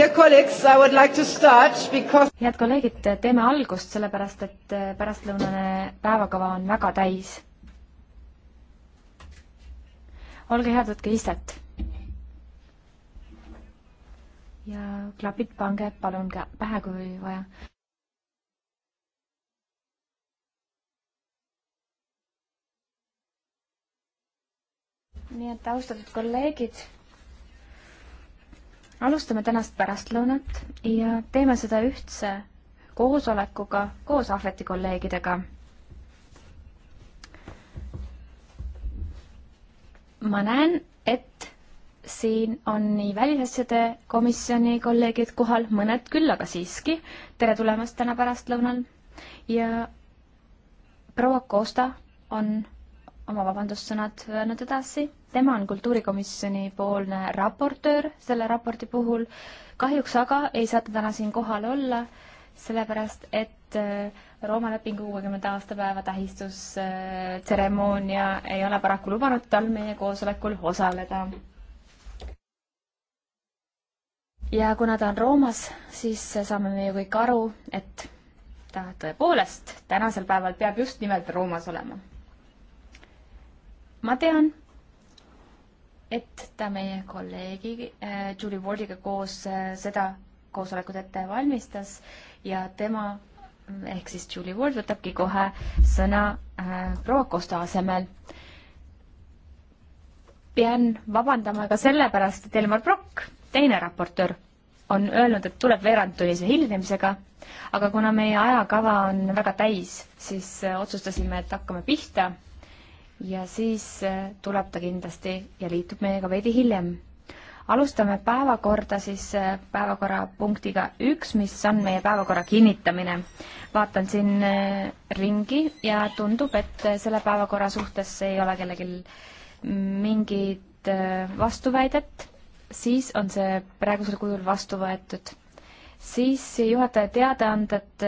head kolleegid, teeme algust, sellepärast et pärastlõunane päevakava on väga täis. olge head, võtke istet. ja klapid pange palun ka pähe, kui vaja. nii et austatud kolleegid alustame tänast pärastlõunat ja teeme seda ühtse koosolekuga koos Ahveti kolleegidega. ma näen, et siin on nii välisasjade komisjoni kolleegid kohal, mõned küll, aga siiski. tere tulemast täna pärastlõunal ja proua Koosta on oma vabandussõnad öelnud edasi tema on kultuurikomisjoni poolne raportöör selle raporti puhul. kahjuks aga ei saa ta täna siin kohal olla, sellepärast et äh, Rooma lepingu kuuekümnenda aastapäeva tähistustseremoonia äh, ei ole paraku lubanud tal meie koosolekul osaleda. ja kuna ta on Roomas, siis saame me ju kõik aru, et ta tõepoolest tänasel päeval peab just nimelt Roomas olema. ma tean et ta meie kolleegi äh, Julie Wardiga koos äh, seda koosolekut ette valmistas ja tema mm, ehk siis Julie Ward võtabki kohe sõna äh, proua Kosta asemel. pean vabandama ka sellepärast, et Elmar Brokk, teine raportöör, on öelnud, et tuleb veerandtunnise hilinemisega, aga kuna meie ajakava on väga täis, siis otsustasime, et hakkame pihta ja siis äh, tuleb ta kindlasti ja liitub meiega veidi hiljem. alustame päevakorda siis äh, päevakorrapunktiga üks, mis on meie päevakorra kinnitamine. vaatan siin äh, ringi ja tundub, et selle päevakorra suhtes ei ole kellelgi mingit vastuväidet, siis on see praegusel kujul vastu võetud. siis juhataja teadaanded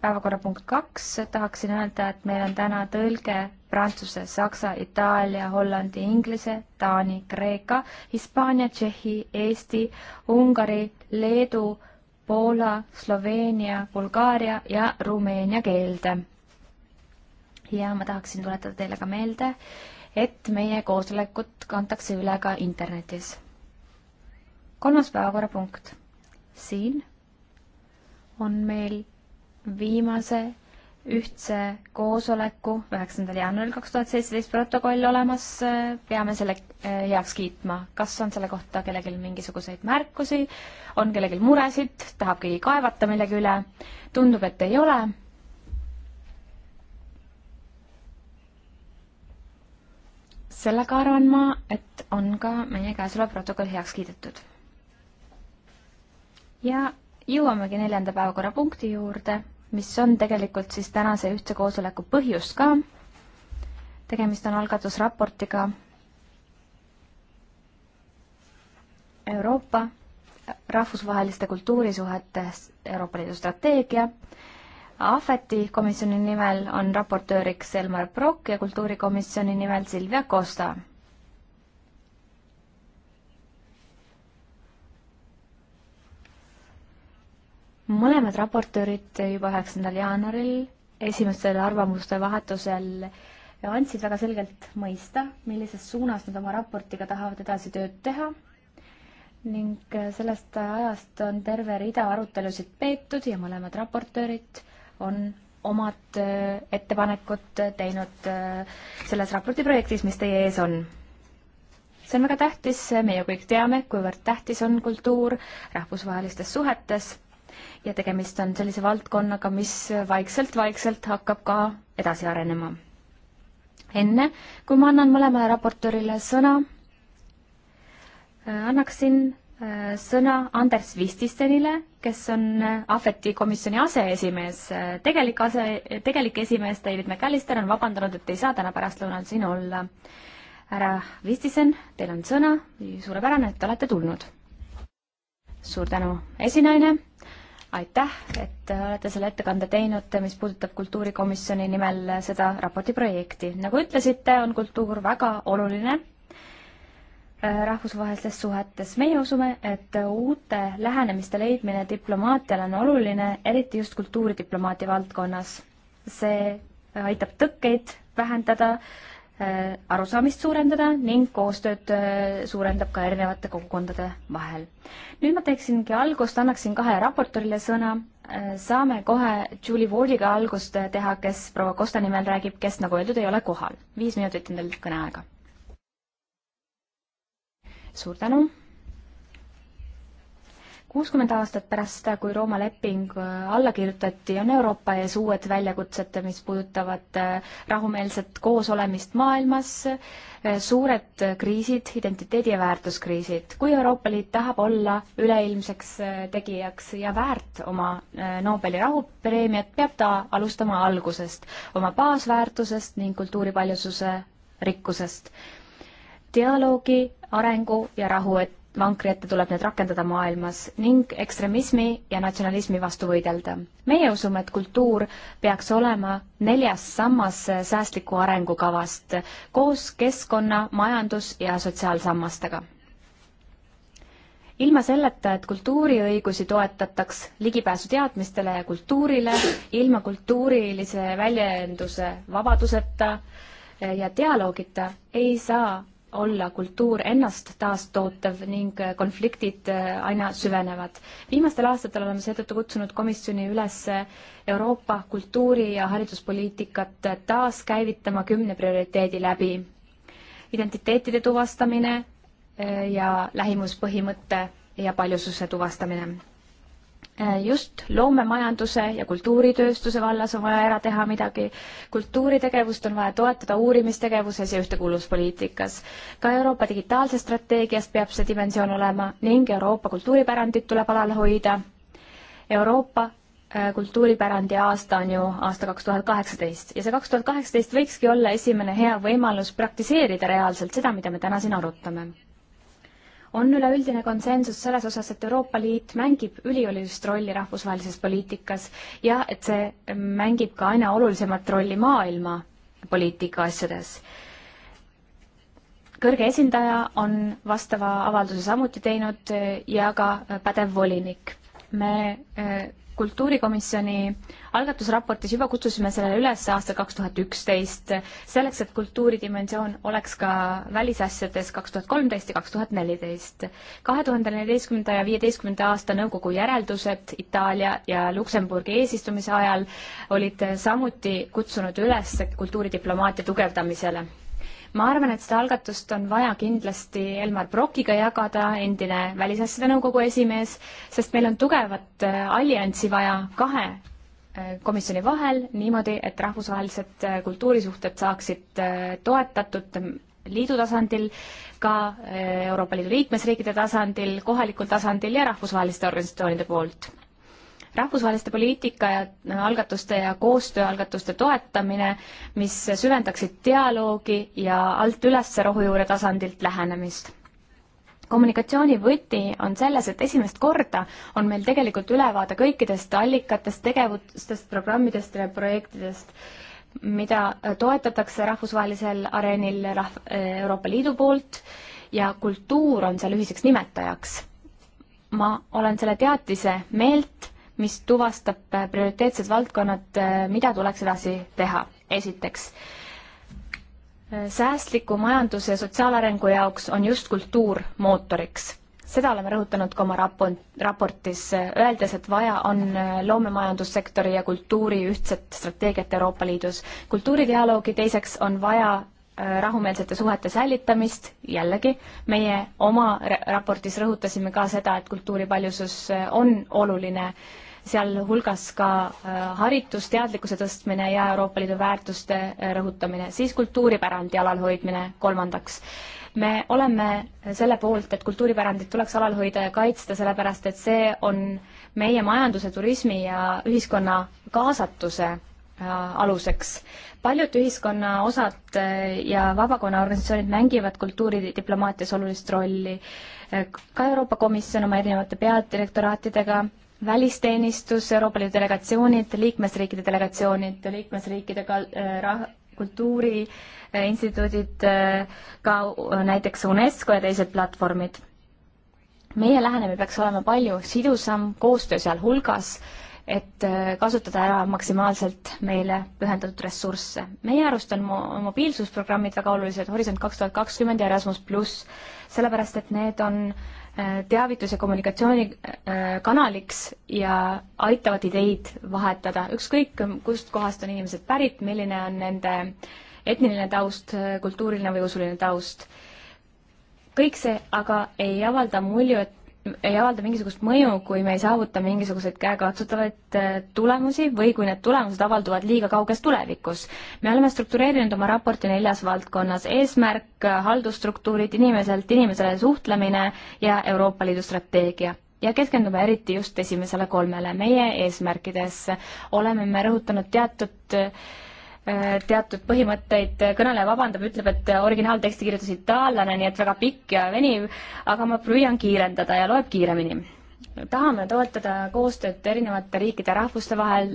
päevakorrapunkt kaks, tahaksin öelda, et meil on täna tõlge Prantsuse, Saksa, Itaalia, Hollandi, Inglise, Taani, Kreeka, Hispaania, Tšehhi, Eesti, Ungari, Leedu, Poola, Sloveenia, Bulgaaria ja Rumeenia keelde. ja ma tahaksin tuletada teile ka meelde, et meie koosolekut kantakse üle ka internetis. kolmas päevakorrapunkt. siin on meil viimase ühtse koosoleku üheksandal jaanuaril kaks tuhat seitseteist protokoll olemas, peame selle eh, heaks kiitma. kas on selle kohta kellelgi mingisuguseid märkusi, on kellelgi muresid, tahab keegi kaevata millegi üle? tundub, et ei ole. sellega arvan ma, et on ka meie käesolev protokoll heaks kiidetud. ja jõuamegi neljanda päevakorrapunkti juurde mis on tegelikult siis tänase ühtse koosoleku põhjus ka. tegemist on algatusraportiga Euroopa rahvusvaheliste kultuurisuhete Euroopa Liidu strateegia. Ahveti komisjoni nimel on raportööriks Elmar Brokk ja kultuurikomisjoni nimel Silvia Kosta mõlemad raportöörid juba üheksandal jaanuaril esimesel arvamuste vahetusel andsid väga selgelt mõista, millises suunas nad oma raportiga tahavad edasi tööd teha ning sellest ajast on terve rida arutelusid peetud ja mõlemad raportöörid on omad äh, ettepanekud teinud äh, selles raporti projektis, mis teie ees on. see on väga tähtis, me ju kõik teame, kuivõrd tähtis on kultuur rahvusvahelistes suhetes ja tegemist on sellise valdkonnaga, mis vaikselt-vaikselt hakkab ka edasi arenema. enne, kui ma annan mõlemale raportöörile sõna, äh, annaksin äh, sõna Anders Vististenile, kes on äh, Ahveti komisjoni aseesimees. tegelik ase, tegelik esimees David McAllister on vabandanud, et ei saa täna pärastlõunal siin olla. härra Vistisen, teil on sõna, suurepärane, et olete tulnud. suur tänu, esinaine aitäh, et olete selle ettekande teinud, mis puudutab kultuurikomisjoni nimel seda raporti projekti. nagu ütlesite, on kultuur väga oluline äh, rahvusvahelistes suhetes. meie usume, et uute lähenemiste leidmine diplomaatiale on oluline, eriti just kultuuridiplomaatia valdkonnas. see aitab tõkkeid vähendada Äh, arusaamist suurendada ning koostööd äh, suurendab ka erinevate kogukondade vahel. nüüd ma teeksingi algust, annaksin kahe raportorile sõna, äh, saame kohe Julie Wardiga algust teha, kes proua Kosta nimel räägib, kes nagu öeldud, ei ole kohal. viis minutit on teil kõneaega. suur tänu kuuskümmend aastat pärast seda, kui Rooma leping äh, alla kirjutati, on Euroopa ees uued väljakutsed, mis puudutavad äh, rahumeelset koosolemist maailmas, äh, suured kriisid, identiteedi- ja väärtuskriisid. kui Euroopa Liit tahab olla üleilmseks tegijaks ja väärt oma Nobeli rahupreemiat, peab ta alustama algusest, oma baasväärtusest ning kultuuripaljususe rikkusest dialoogi, arengu ja rahu vankri ette tuleb need rakendada maailmas ning ekstremismi ja natsionalismi vastu võidelda. meie usume, et kultuur peaks olema neljas sammas säästliku arengukavast koos keskkonna, majandus ja sotsiaalsammastega. ilma selleta, et kultuuriõigusi toetataks ligipääsu teadmistele ja kultuurile, ilma kultuurilise väljenduse vabaduseta ja dialoogita ei saa olla kultuur ennast taastootev ning äh, konfliktid äh, aina süvenevad. viimastel aastatel oleme seetõttu kutsunud komisjoni üles äh, Euroopa kultuuri- ja hariduspoliitikat taaskäivitama kümne prioriteedi läbi. identiteetide tuvastamine ja lähimuspõhimõtte ja paljususe tuvastamine Äh, just loomemajanduse ja kultuuritööstuse vallas on vaja ära teha midagi, kultuuritegevust on vaja toetada uurimistegevuses ja ühtekuuluvuspoliitikas. ka Euroopa digitaalses strateegias peab see dimensioon olema ning Euroopa kultuuripärandit tuleb alal hoida. Euroopa äh, kultuuripärandi aasta on ju aasta kaks tuhat kaheksateist ja see kaks tuhat kaheksateist võikski olla esimene hea võimalus praktiseerida reaalselt seda, mida me täna siin arutame on üleüldine konsensus selles osas, et Euroopa Liit mängib üliolulist rolli rahvusvahelises poliitikas ja et see mängib ka aina olulisemat rolli maailma poliitika asjades. kõrge esindaja on vastava avalduse samuti teinud ja ka pädev volinik. me äh, kultuurikomisjoni algatusraportis juba kutsusime sellele üles aastal kaks tuhat üksteist, selleks, et kultuuridimensioon oleks ka välisasjades kaks tuhat kolmteist ja kaks tuhat neliteist. kahe tuhande neljateistkümnenda ja viieteistkümnenda aasta nõukogu järeldused Itaalia ja Luksemburgi eesistumise ajal olid samuti kutsunud üles kultuuridiplomaatia tugevdamisele ma arvan, et seda algatust on vaja kindlasti Elmar Brokiga jagada, endine Välisasjade Nõukogu esimees, sest meil on tugevat äh, alliansi vaja kahe äh, komisjoni vahel niimoodi, et rahvusvahelised äh, kultuurisuhted saaksid toetatud liidu tasandil, ka Euroopa Liidu liikmesriikide tasandil, kohalikul tasandil ja rahvusvaheliste organisatsioonide poolt rahvusvaheliste poliitika ja äh, algatuste ja koostööalgatuste toetamine, mis süvendaksid dialoogi ja alt üles rohujuure tasandilt lähenemist kommunikatsiooni võti on selles, et esimest korda on meil tegelikult ülevaade kõikidest allikatest, tegevustest, programmidest ja projektidest, mida äh, toetatakse rahvusvahelisel areenil rahv-, äh, Euroopa Liidu poolt ja kultuur on seal ühiseks nimetajaks. ma olen selle teatise meelt mis tuvastab äh, prioriteetsed valdkonnad, äh, mida tuleks edasi teha. esiteks, äh, säästliku majanduse ja sotsiaalarengu jaoks on just kultuur mootoriks. seda oleme rõhutanud ka oma raport, raportis, öeldes, et vaja on loomemajandussektori ja kultuuri ühtset strateegiat Euroopa Liidus. kultuuridialoogi teiseks on vaja rahumeelsete suhete säilitamist, jällegi, meie oma raportis rõhutasime ka seda, et kultuuripaljusus on oluline äh, sealhulgas ka äh, haritus, teadlikkuse tõstmine ja Euroopa Liidu väärtuste äh, rõhutamine, siis kultuuripärandi alalhoidmine kolmandaks. me oleme selle poolt, et kultuuripärandit tuleks alal hoida ja kaitsta, sellepärast et see on meie majanduse, turismi ja ühiskonna kaasatuse äh, aluseks. paljud ühiskonna osad ja vabakonna organisatsioonid mängivad kultuuridiplomaatias olulist rolli. ka Euroopa Komisjon oma erinevate peadirektoraatidega välisteenistus, Euroopa Liidu delegatsioonid, liikmesriikide delegatsioonid, liikmesriikide kal-, äh, rah-, kultuuriinstituudid, äh, äh, ka näiteks UNESCO ja teised platvormid. meie lähenemine peaks olema palju sidusam, koostöö sealhulgas, et kasutada ära maksimaalselt meile pühendatud ressursse. meie arust on mo-, mobiilsusprogrammid väga olulised, Horisont kaks tuhat kakskümmend ja Erasmus pluss, sellepärast et need on äh, Äh, teavitus- ja kommunikatsioonikanaliks äh, ja aitavad ideid vahetada, ükskõik kust kohast on inimesed pärit, milline on nende etniline taust, kultuuriline või usuline taust. kõik see aga ei avalda mulju, et ei avalda mingisugust mõju, kui me ei saavuta mingisuguseid käekatsutavaid äh, tulemusi või kui need tulemused avalduvad liiga kauges tulevikus. me oleme struktureerinud oma raporti neljas valdkonnas eesmärk, haldusstruktuurid, inimeselt inimesele suhtlemine ja Euroopa Liidu strateegia ja keskendume eriti just esimesele kolmele. meie eesmärkides oleme me rõhutanud teatud äh, Äh, teatud põhimõtteid, äh, kõneleja vabandab, ütleb, et äh, originaalteksti kirjutas itaallane, nii et väga pikk ja veniv, aga ma püüan kiirendada ja loeb kiiremini. tahame toetada koostööd erinevate riikide ja rahvuste vahel,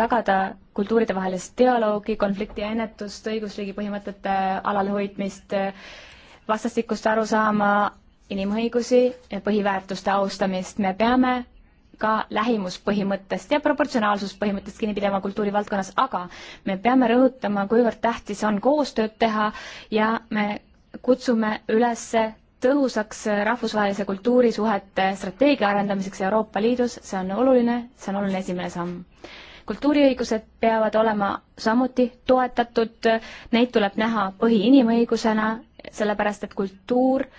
tagada kultuuridevahelist dialoogi, konflikti ennetust, õigusriigi põhimõtete alalhoidmist, vastastikust arusaama, inimõigusi, põhiväärtuste austamist, me peame ka lähimuspõhimõttest ja proportsionaalsuspõhimõttest kinni pidama kultuurivaldkonnas, aga me peame rõhutama, kuivõrd tähtis on koostööd teha ja me kutsume üles tõhusaks rahvusvahelise kultuurisuhete strateegia arendamiseks Euroopa Liidus, see on oluline, see on oluline esimene samm. kultuuriõigused peavad olema samuti toetatud, neid tuleb näha põhiinimõigusena, sellepärast et kultuur äh,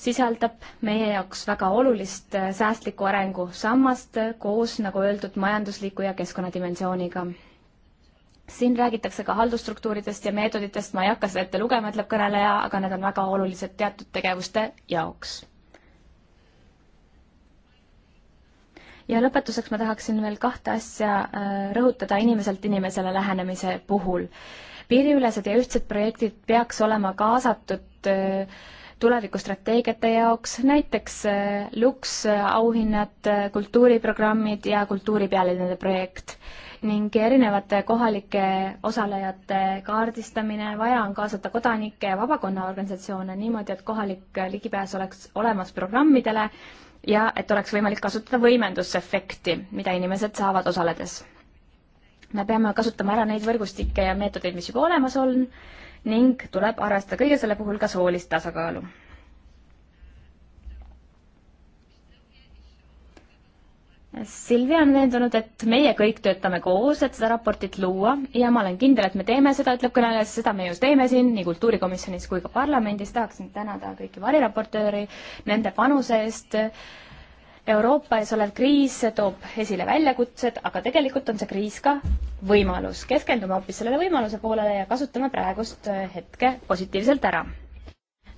sisaldab meie jaoks väga olulist äh, säästliku arengu sammast äh, koos, nagu öeldud, majandusliku ja keskkonnadimensiooniga. siin räägitakse ka haldusstruktuuridest ja meetoditest, ma ei hakka seda ette lugema, ütleb kõneleja, aga need on väga olulised teatud tegevuste jaoks. ja lõpetuseks ma tahaksin veel kahte asja äh, rõhutada inimeselt inimesele lähenemise puhul. piiriülesed ja ühtsed projektid peaks olema kaasatud äh, tulevikustrateegiate jaoks, näiteks äh, Lux äh, auhinnad, äh, kultuuriprogrammid ja kultuuripealinade projekt ning erinevate kohalike osalejate kaardistamine, vaja on kaasata kodanikke ja vabakonnaorganisatsioone niimoodi, et kohalik ligipääs oleks olemas programmidele ja et oleks võimalik kasutada võimendusefekti, mida inimesed saavad osaledes. me peame kasutama ära neid võrgustikke ja meetodeid, mis juba olemas on ning tuleb arvestada kõige selle puhul ka soolist tasakaalu. Silvia on veendunud, et meie kõik töötame koos, et seda raportit luua ja ma olen kindel, et me teeme seda, ütleb kõneleja, seda me just teeme siin nii kultuurikomisjonis kui ka parlamendis. tahaksin tänada kõiki variraportööri nende panuse eest äh, Euroopa ees olev kriis toob esile väljakutsed, aga tegelikult on see kriis ka võimalus. keskendume hoopis sellele võimaluse poolele ja kasutame praegust äh, hetke positiivselt ära.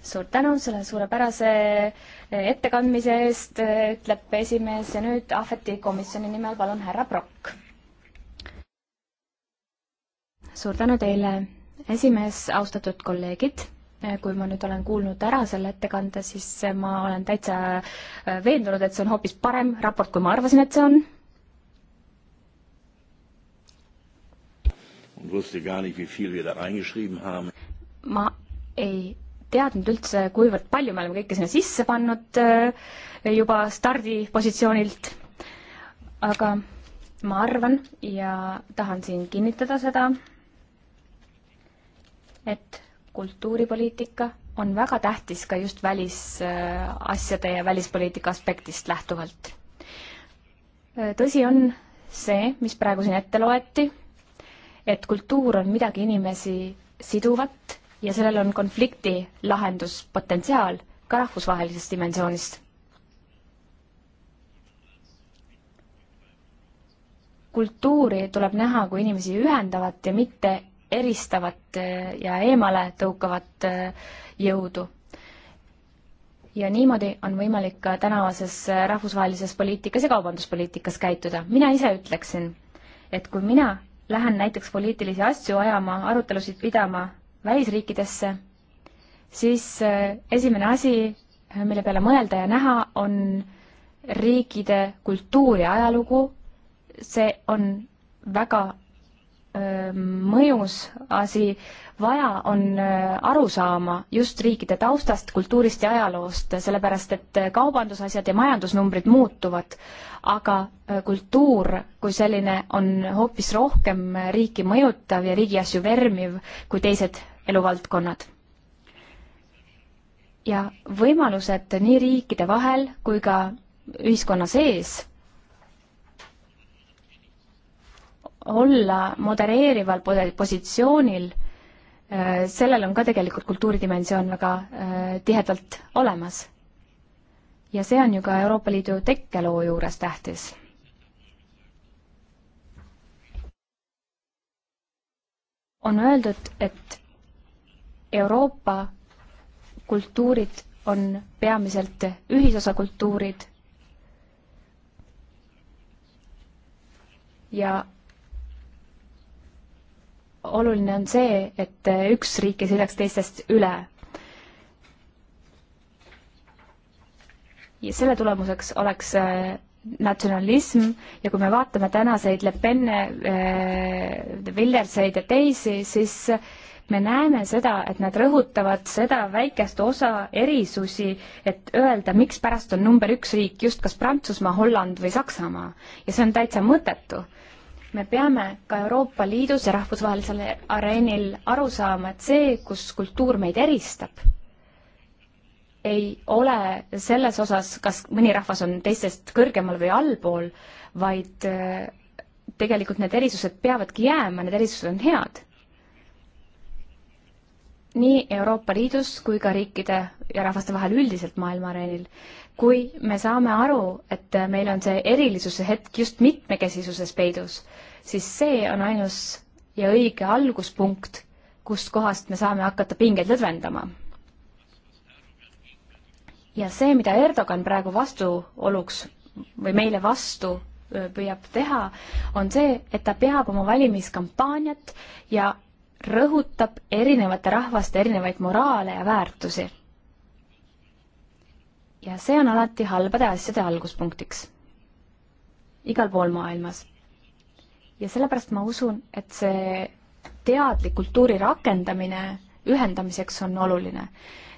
suur tänu selle suurepärase äh, ettekandmise eest, äh, ütleb esimees ja nüüd Ahveti komisjoni nimel palun härra Prokk. suur tänu teile, esimees, austatud kolleegid Eh, kui ma nüüd olen kuulnud ära selle ettekande, siis ma olen täitsa eh, veendunud, et see on hoopis parem raport, kui ma arvasin, et see on. ma ei teadnud üldse, kuivõrd palju me oleme kõike sinna sisse pannud eh, juba stardipositsioonilt, aga ma arvan ja tahan siin kinnitada seda, et kultuuripoliitika on väga tähtis ka just välisasjade ja välispoliitika aspektist lähtuvalt. tõsi on see, mis praegu siin ette loeti, et kultuur on midagi inimesi siduvat ja sellel on konflikti lahenduspotentsiaal ka rahvusvahelisest dimensioonist. kultuuri tuleb näha kui inimesi ühendavat ja mitte eristavat äh, ja eemale tõukavat äh, jõudu. ja niimoodi on võimalik ka tänavases äh, rahvusvahelises poliitikas ja kaubanduspoliitikas käituda. mina ise ütleksin, et kui mina lähen näiteks poliitilisi asju ajama, arutelusid pidama välisriikidesse, siis esimene asi, mille peale mõelda ja näha, on riikide kultuur ja ajalugu, see on väga mõjus asi, vaja on aru saama just riikide taustast, kultuurist ja ajaloost, sellepärast et kaubandusasjad ja majandusnumbrid muutuvad, aga kultuur kui selline on hoopis rohkem riiki mõjutav ja riigi asju vermiv kui teised eluvaldkonnad. ja võimalused nii riikide vahel kui ka ühiskonna sees olla modereerival positsioonil, äh, sellel on ka tegelikult kultuuridimensioon väga äh, tihedalt olemas. ja see on ju ka Euroopa Liidu tekkeloo juures tähtis on öeldud, et Euroopa kultuurid on peamiselt ühisosa kultuurid ja oluline on see, et üks riik ei sõidaks teistest üle. ja selle tulemuseks oleks äh, natsionalism ja kui me vaatame tänaseid Le Penne äh,, Villerseid ja teisi, siis me näeme seda, et nad rõhutavad seda väikest osa erisusi, et öelda, mikspärast on number üks riik just kas Prantsusmaa, Holland või Saksamaa. ja see on täitsa mõttetu me peame ka Euroopa Liidus ja rahvusvahelisel areenil aru saama, et see, kus kultuur meid eristab, ei ole selles osas, kas mõni rahvas on teistest kõrgemal või allpool, vaid äh, tegelikult need erisused peavadki jääma, need erisused on head. nii Euroopa Liidus kui ka riikide ja rahvaste vahel üldiselt maailma areenil kui me saame aru, et meil on see erilisuse hetk just mitmekesisuses peidus, siis see on ainus ja õige alguspunkt, kust kohast me saame hakata pingeid lõdvendama. ja see, mida Erdogan praegu vastuoluks või meile vastu püüab teha, on see, et ta peab oma valimiskampaaniat ja rõhutab erinevate rahvaste erinevaid moraale ja väärtusi ja see on alati halbade asjade alguspunktiks. igal pool maailmas. ja sellepärast ma usun, et see teadlik kultuuri rakendamine ühendamiseks on oluline.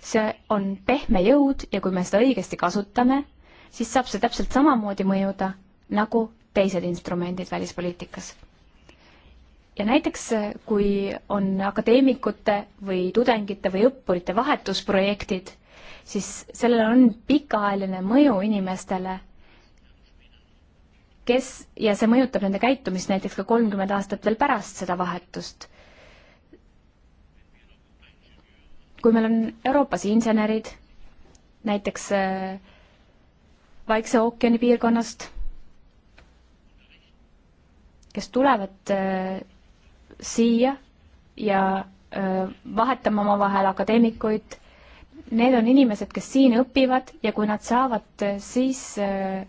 see on pehme jõud ja kui me seda õigesti kasutame, siis saab see täpselt samamoodi mõjuda nagu teised instrumendid välispoliitikas. ja näiteks, kui on akadeemikute või tudengite või õppurite vahetusprojektid, siis sellel on pikaajaline mõju inimestele, kes, ja see mõjutab nende käitumist näiteks ka kolmkümmend aastat veel pärast seda vahetust. kui meil on Euroopas insenerid, näiteks äh, Vaikse ookeani piirkonnast, kes tulevad äh, siia ja äh, vahetame omavahel akadeemikuid need on inimesed, kes siin õpivad ja kui nad saavad äh, siis äh,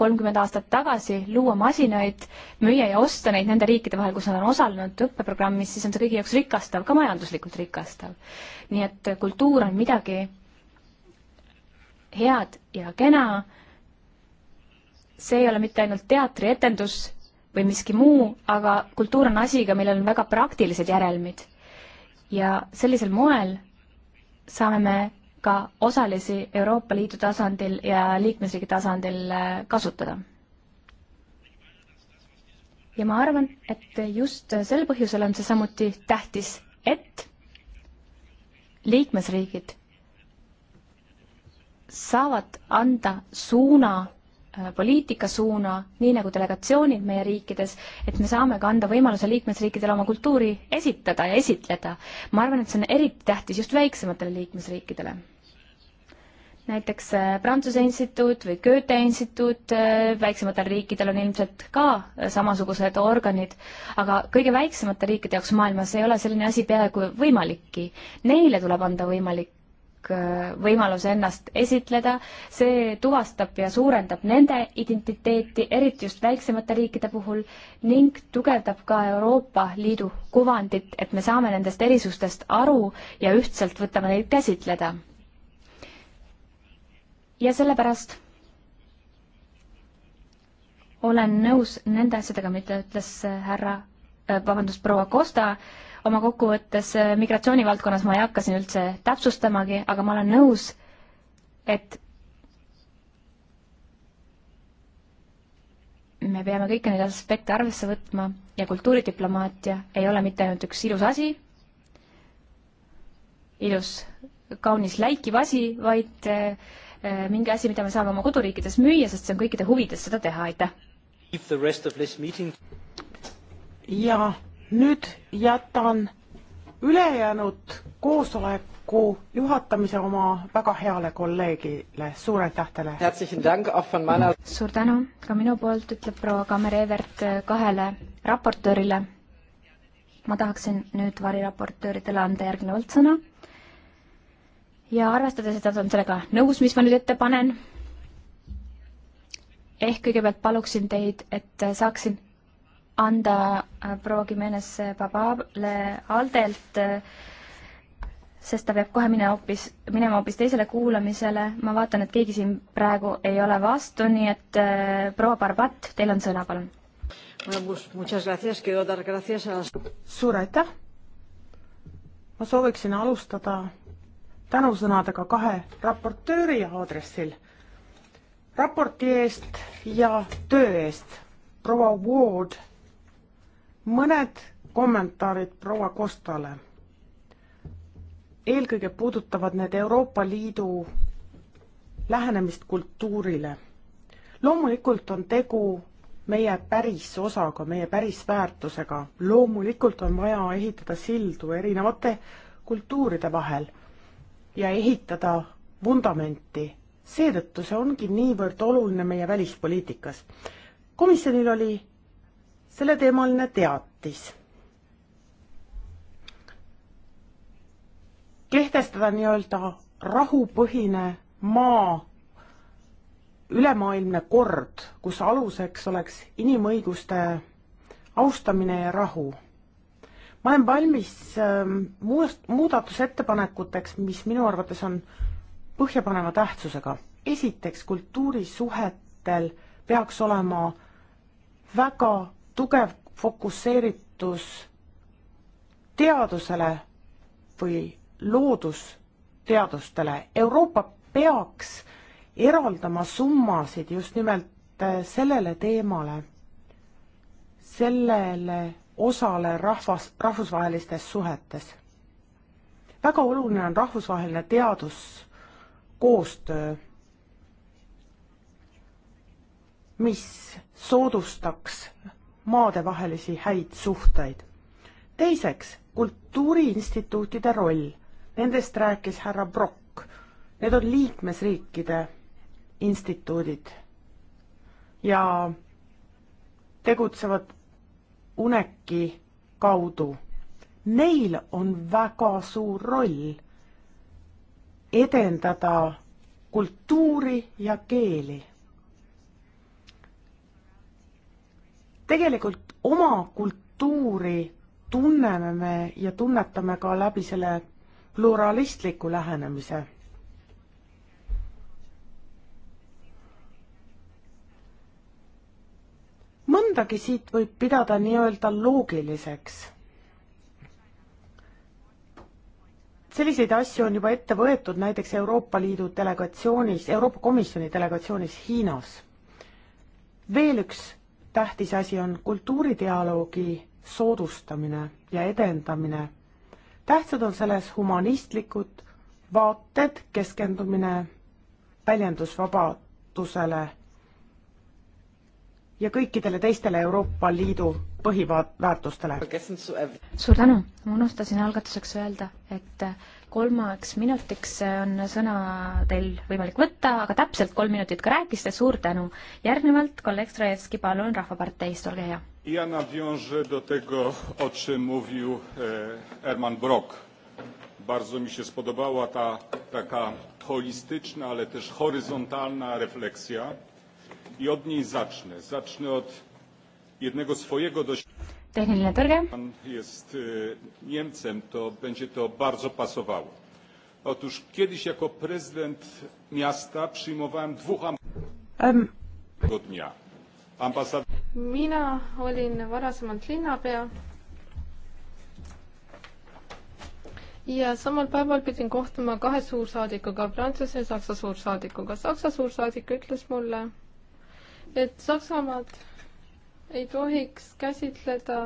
kolmkümmend aastat tagasi luua masinaid, müüa ja osta neid nende riikide vahel, kus nad on osalenud õppeprogrammis, siis on see kõigi jaoks rikastav, ka majanduslikult rikastav. nii et äh, kultuur on midagi head ja kena. see ei ole mitte ainult teatrietendus või miski muu, aga kultuur on asi ka, millel on väga praktilised järelmid. ja sellisel moel saame me ka osalisi Euroopa Liidu tasandil ja liikmesriigi tasandil äh, kasutada. ja ma arvan, et just sel põhjusel on see samuti tähtis, et liikmesriigid saavad anda suuna Äh, poliitikasuuna, nii nagu delegatsioonid meie riikides, et me saame ka anda võimaluse liikmesriikidele oma kultuuri esitada ja esitleda. ma arvan, et see on eriti tähtis just väiksematele liikmesriikidele. näiteks äh, Prantsuse instituut või Goethe instituut, äh, väiksematel riikidel on ilmselt ka samasugused organid, aga kõige väiksemate riikide jaoks maailmas ei ole selline asi peaaegu võimalikki. Neile tuleb anda võimalik Äh, võimalus ennast esitleda, see tuvastab ja suurendab nende identiteeti, eriti just väiksemate riikide puhul, ning tugevdab ka Euroopa Liidu kuvandit, et me saame nendest erisustest aru ja ühtselt võtame neid käsitleda. ja sellepärast olen nõus nende asjadega, mida ütles härra, äh, vabandust, proua Kosta äh,, oma kokkuvõttes äh, migratsioonivaldkonnas ma ei hakka siin üldse täpsustamagi, aga ma olen nõus, et me peame kõiki neid aspekte arvesse võtma ja kultuuridiplomaatia ei ole mitte ainult üks ilus asi, ilus, kaunis läikiv asi, vaid äh, äh, mingi asi, mida me saame oma koduriikides müüa, sest see on kõikide huvides seda teha, aitäh! ja nüüd jätan ülejäänud koosoleku juhatamise oma väga heale kolleegile, suur aitäh teile! suur tänu ka minu poolt, ütleb proua Kammer-Evert äh, kahele raportöörile. ma tahaksin nüüd variraportööridele anda järgnevalt sõna ja arvestades, et nad on sellega nõus, mis ma nüüd ette panen, ehk kõigepealt paluksin teid, et äh, saaksin anda äh, proua Jimenez Babale Aldelt, äh, sest ta peab kohe mine hoopis, minema hoopis teisele kuulamisele. ma vaatan, et keegi siin praegu ei ole vastu, nii et äh, proua Barbat, teil on sõna, palun. suur aitäh. ma sooviksin alustada tänusõnadega kahe raportööri aadressil raporti eest ja töö eest. proua Ward mõned kommentaarid proua Kostale. eelkõige puudutavad need Euroopa Liidu lähenemist kultuurile. loomulikult on tegu meie päris osaga, meie päris väärtusega, loomulikult on vaja ehitada sildu erinevate kultuuride vahel ja ehitada vundamenti. seetõttu see ongi niivõrd oluline meie välispoliitikas. komisjonil oli selleteemaline teatis. kehtestada nii-öelda rahupõhine maa ülemaailmne kord, kus aluseks oleks inimõiguste austamine ja rahu. ma olen valmis ähm, muust- äh,, muudatusettepanekuteks, mis minu arvates on põhjapaneva tähtsusega. esiteks, kultuurisuhetel peaks olema väga tugev fokusseeritus teadusele või loodusteadustele. Euroopa peaks eraldama summasid just nimelt äh, sellele teemale, sellele osale rahvas, rahvusvahelistes suhetes. väga oluline on rahvusvaheline teaduskoostöö, mis soodustaks maadevahelisi häid suhteid. teiseks, kultuuriinstituutide roll. Nendest rääkis härra Brock. Need on liikmesriikide instituudid ja tegutsevad UNEC-i kaudu. Neil on väga suur roll edendada kultuuri ja keeli tegelikult oma kultuuri tunneme me ja tunnetame ka läbi selle pluralistliku lähenemise. mõndagi siit võib pidada nii-öelda loogiliseks. selliseid asju on juba ette võetud näiteks Euroopa Liidu delegatsioonis, Euroopa Komisjoni delegatsioonis Hiinas. veel üks tähtis asi on kultuuridialoogi soodustamine ja edendamine. tähtsad on selles humanistlikud vaated, keskendumine väljendusvabadusele ja kõikidele teistele Euroopa Liidu põhiväärtustele. suur tänu, ma unustasin algatuseks öelda, et kolmaks minutiks on sõna teil võimalik võtta, aga täpselt kolm minutit ka rääkisite, suur tänu. järgnevalt kolleeg Strojevski, palun Rahvaparteist, olge hea. Ja nawiążę do tego, o czym mówił e, Herman Brock. Bardzo mi się spodobała ta taka holistyczna, ale też horyzontalna refleksja i od niej zacznę. Zacznę od jednego swojego doświadczenia tehniline tõrge. jest Niemcem, to będzie to bardzo pasowało. Otóż kiedyś jako prezydent miasta przyjmowałem dwóch tego dnia. Ambasad... mina olin varasemalt linnapea ja samal päeval pidin kohtuma kahe suursaadikuga, Prantsuse ja Saksa suursaadikuga. Saksa suursaadik ütles mulle, et Saksamaad ei tohiks käsitleda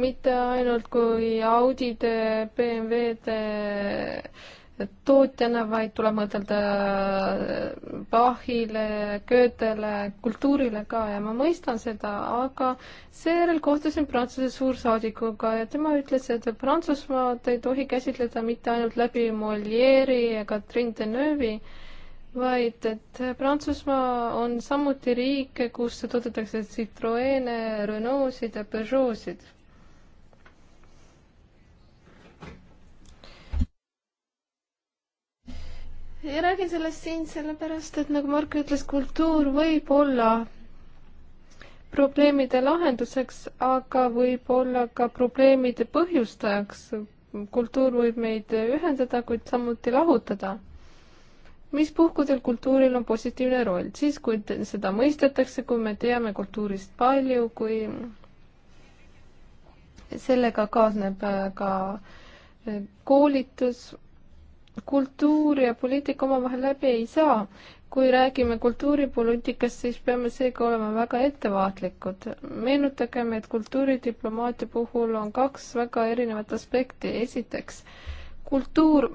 mitte ainult kui Audide, BMW-de tootjana, vaid tuleb mõtelda Bachile, Goethele, kultuurile ka ja ma mõistan seda, aga seejärel kohtusin Prantsuse suursaadikuga ja tema ütles, et Prantsusmaad ei tohi käsitleda mitte ainult läbi Molieri ja Catherine Deneuve'i, vaid et Prantsusmaa on samuti riik, kus toodetakse Citroene, Renaultsid ja Peugeotsid. ja räägin sellest siin sellepärast, et nagu Marko ütles, kultuur võib olla probleemide lahenduseks, aga võib olla ka probleemide põhjustajaks. kultuur võib meid ühendada, kuid samuti lahutada mis puhkudel kultuuril on positiivne roll, siis kui seda mõistetakse, kui me teame kultuurist palju, kui sellega kaasneb äh, ka äh, koolitus, kultuur ja poliitika omavahel läbi ei saa. kui räägime kultuuripoliitikast, siis peame seega olema väga ettevaatlikud. meenutagem, et kultuuridiplomaatia puhul on kaks väga erinevat aspekti. esiteks, kultuur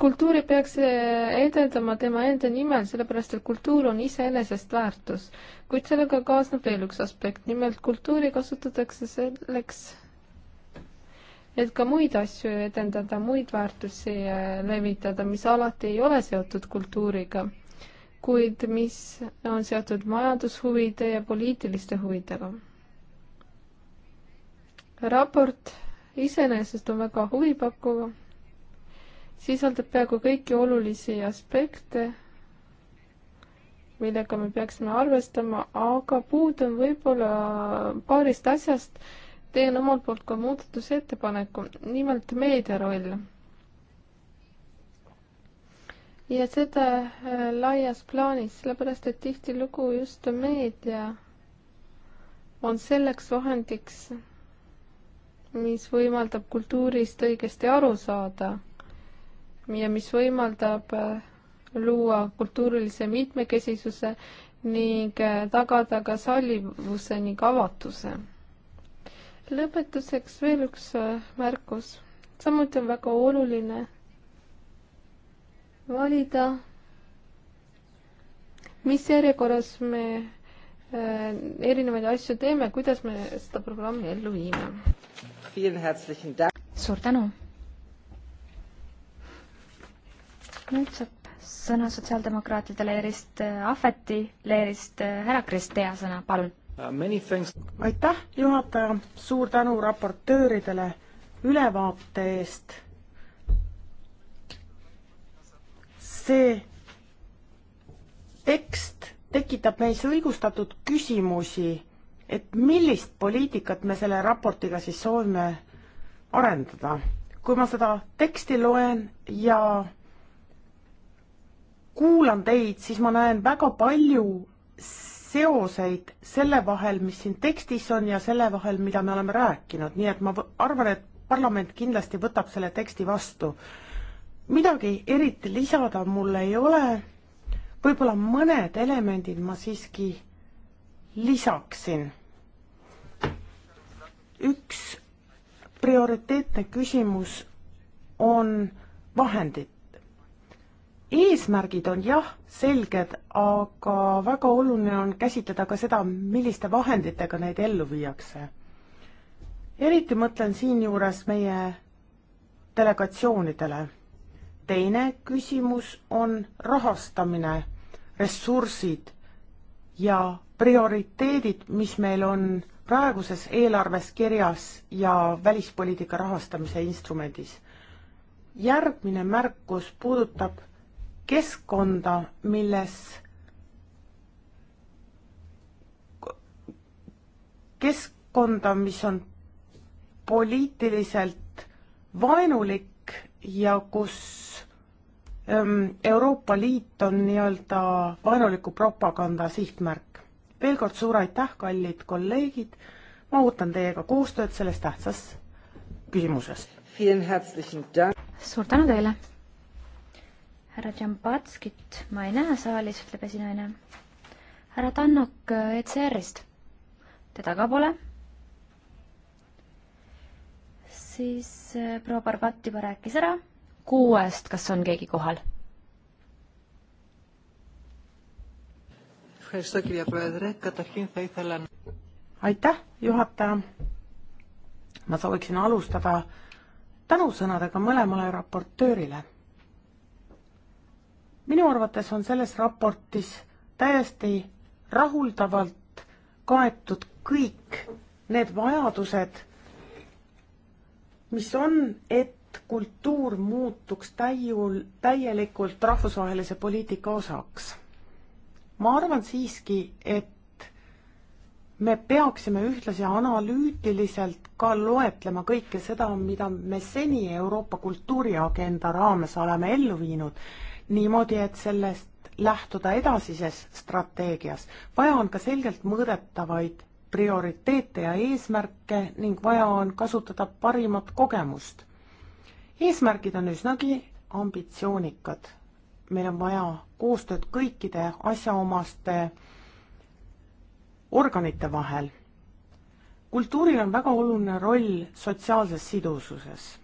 kultuuri peaks eh, edendama tema enda nimel, sellepärast et kultuur on iseenesest väärtus. kuid sellega kaasneb veel üks aspekt, nimelt kultuuri kasutatakse selleks, et ka muid asju edendada, muid väärtusi eh, levitada, mis alati ei ole seotud kultuuriga, kuid mis on seotud majandushuvide ja poliitiliste huvidega. raport iseenesest on väga huvipakkuv sisaldab peaaegu kõiki olulisi aspekte, millega me peaksime arvestama, aga puudu on võib-olla paarist asjast. teen omalt poolt ka muudatusettepaneku, nimelt meedia roll. ja seda äh, laias plaanis, sellepärast et tihtilugu just meedia on selleks vahendiks, mis võimaldab kultuurist õigesti aru saada ja mis võimaldab äh, luua kultuurilise mitmekesisuse ning äh, tagada ka sallivuse ning avatuse. lõpetuseks veel üks äh, märkus. samuti on väga oluline valida, mis järjekorras me erinevaid asju teeme, kuidas me seda programmi ellu viime. suur tänu! nüüd saab sõna sotsiaaldemokraatide leerist, äh, Ahveti leerist, äh, härra Kristea sõna, palun. Uh, aitäh, juhataja, suur tänu raportööridele ülevaate eest. see tekst tekitab meis õigustatud küsimusi, et millist poliitikat me selle raportiga siis soovime arendada. kui ma seda teksti loen ja kuulan teid, siis ma näen väga palju seoseid selle vahel, mis siin tekstis on ja selle vahel, mida me oleme rääkinud, nii et ma arvan, et parlament kindlasti võtab selle teksti vastu. midagi eriti lisada mul ei ole, võib-olla mõned elemendid ma siiski lisaksin. üks prioriteetne küsimus on vahendid eesmärgid on jah, selged, aga väga oluline on käsitleda ka seda, milliste vahenditega neid ellu viiakse. eriti mõtlen siinjuures meie delegatsioonidele. teine küsimus on rahastamine, ressursid ja prioriteedid, mis meil on praeguses eelarves kirjas ja välispoliitika rahastamise instrumendis. järgmine märkus puudutab keskkonda, milles keskkonda, mis on poliitiliselt vaenulik ja kus ähm, Euroopa Liit on nii-öelda vaenuliku propaganda sihtmärk. veel kord suur aitäh, kallid kolleegid, ma ootan teiega koostööd selles tähtsas küsimuses. suur tänu teile! härra Džambatskit ma ei näe saalis, ütleb esinaine. härra Tannok äh, ECR-ist, teda ka pole. siis äh, proua Barbat juba rääkis ära. kuuest, kas on keegi kohal? aitäh, juhataja. ma sooviksin alustada tänusõnadega mõlemale raportöörile minu arvates on selles raportis täiesti rahuldavalt kaetud kõik need vajadused, mis on, et kultuur muutuks täiul, täielikult rahvusvahelise poliitika osaks. ma arvan siiski, et me peaksime ühtlasi analüütiliselt ka loetlema kõike seda, mida me seni Euroopa kultuuriagenda raames oleme ellu viinud niimoodi, et sellest lähtuda edasises strateegias. vaja on ka selgelt mõõdetavaid prioriteete ja eesmärke ning vaja on kasutada parimat kogemust. eesmärgid on üsnagi ambitsioonikad. meil on vaja koostööd kõikide asjaomaste organite vahel. kultuuril on väga oluline roll sotsiaalses sidususes.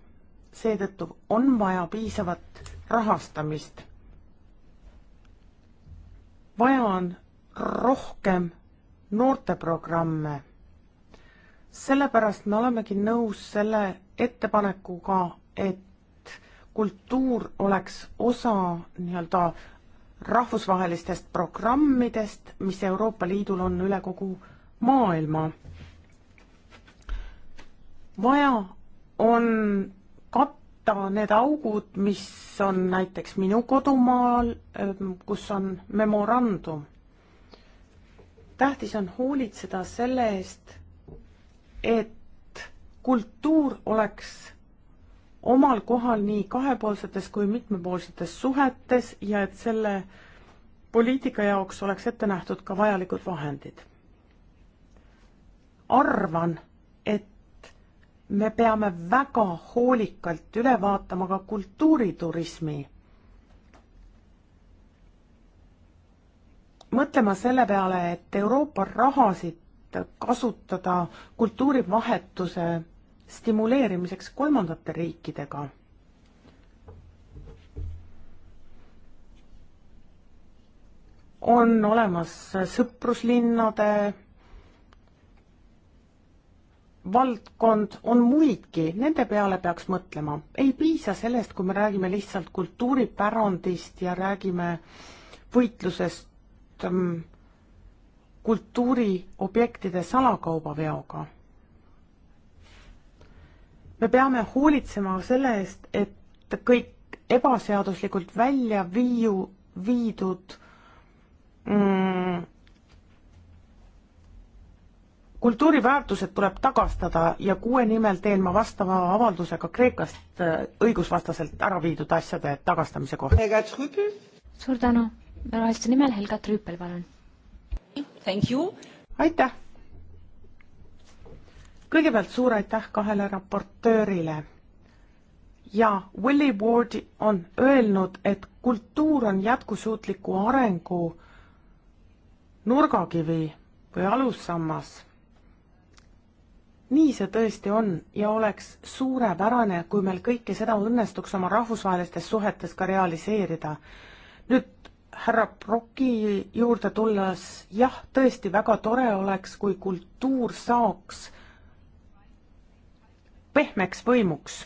seetõttu on vaja piisavat rahastamist vaja on rohkem noorteprogramme. sellepärast me olemegi nõus selle ettepanekuga, et kultuur oleks osa nii-öelda rahvusvahelistest programmidest, mis Euroopa Liidul on üle kogu maailma. vaja on kap-, täita need augud, mis on näiteks minu kodumaal, kus on memorandum. tähtis on hoolitseda selle eest, et kultuur oleks omal kohal nii kahepoolsetes kui mitmepoolsetes suhetes ja et selle poliitika jaoks oleks ette nähtud ka vajalikud vahendid. arvan, et me peame väga hoolikalt üle vaatama ka kultuuriturismi. mõtlema selle peale, et Euroopa rahasid kasutada kultuurivahetuse stimuleerimiseks kolmandate riikidega on olemas sõpruslinnade valdkond on muidki, nende peale peaks mõtlema. ei piisa sellest, kui me räägime lihtsalt kultuuripärandist ja räägime võitlusest ähm, kultuuriobjektide salakaubaveoga. me peame hoolitsema selle eest, et kõik ebaseaduslikult välja viiu, viidud mm, kultuuriväärtused tuleb tagastada ja kuue nimel teen ma vastava avalduse ka Kreekast äh, õigusvastaselt ära viidud asjade tagastamise kohta. suur tänu, roheliste nimel Helga Trüüpel, palun. aitäh. kõigepealt suur aitäh kahele raportöörile. ja Willie Ward on öelnud, et kultuur on jätkusuutliku arengu nurgakivi või alussammas nii see tõesti on ja oleks suurepärane, kui meil kõike seda õnnestuks oma rahvusvahelistes suhetes ka realiseerida. nüüd härra Proki juurde tulles, jah, tõesti väga tore oleks, kui kultuur saaks pehmeks võimuks.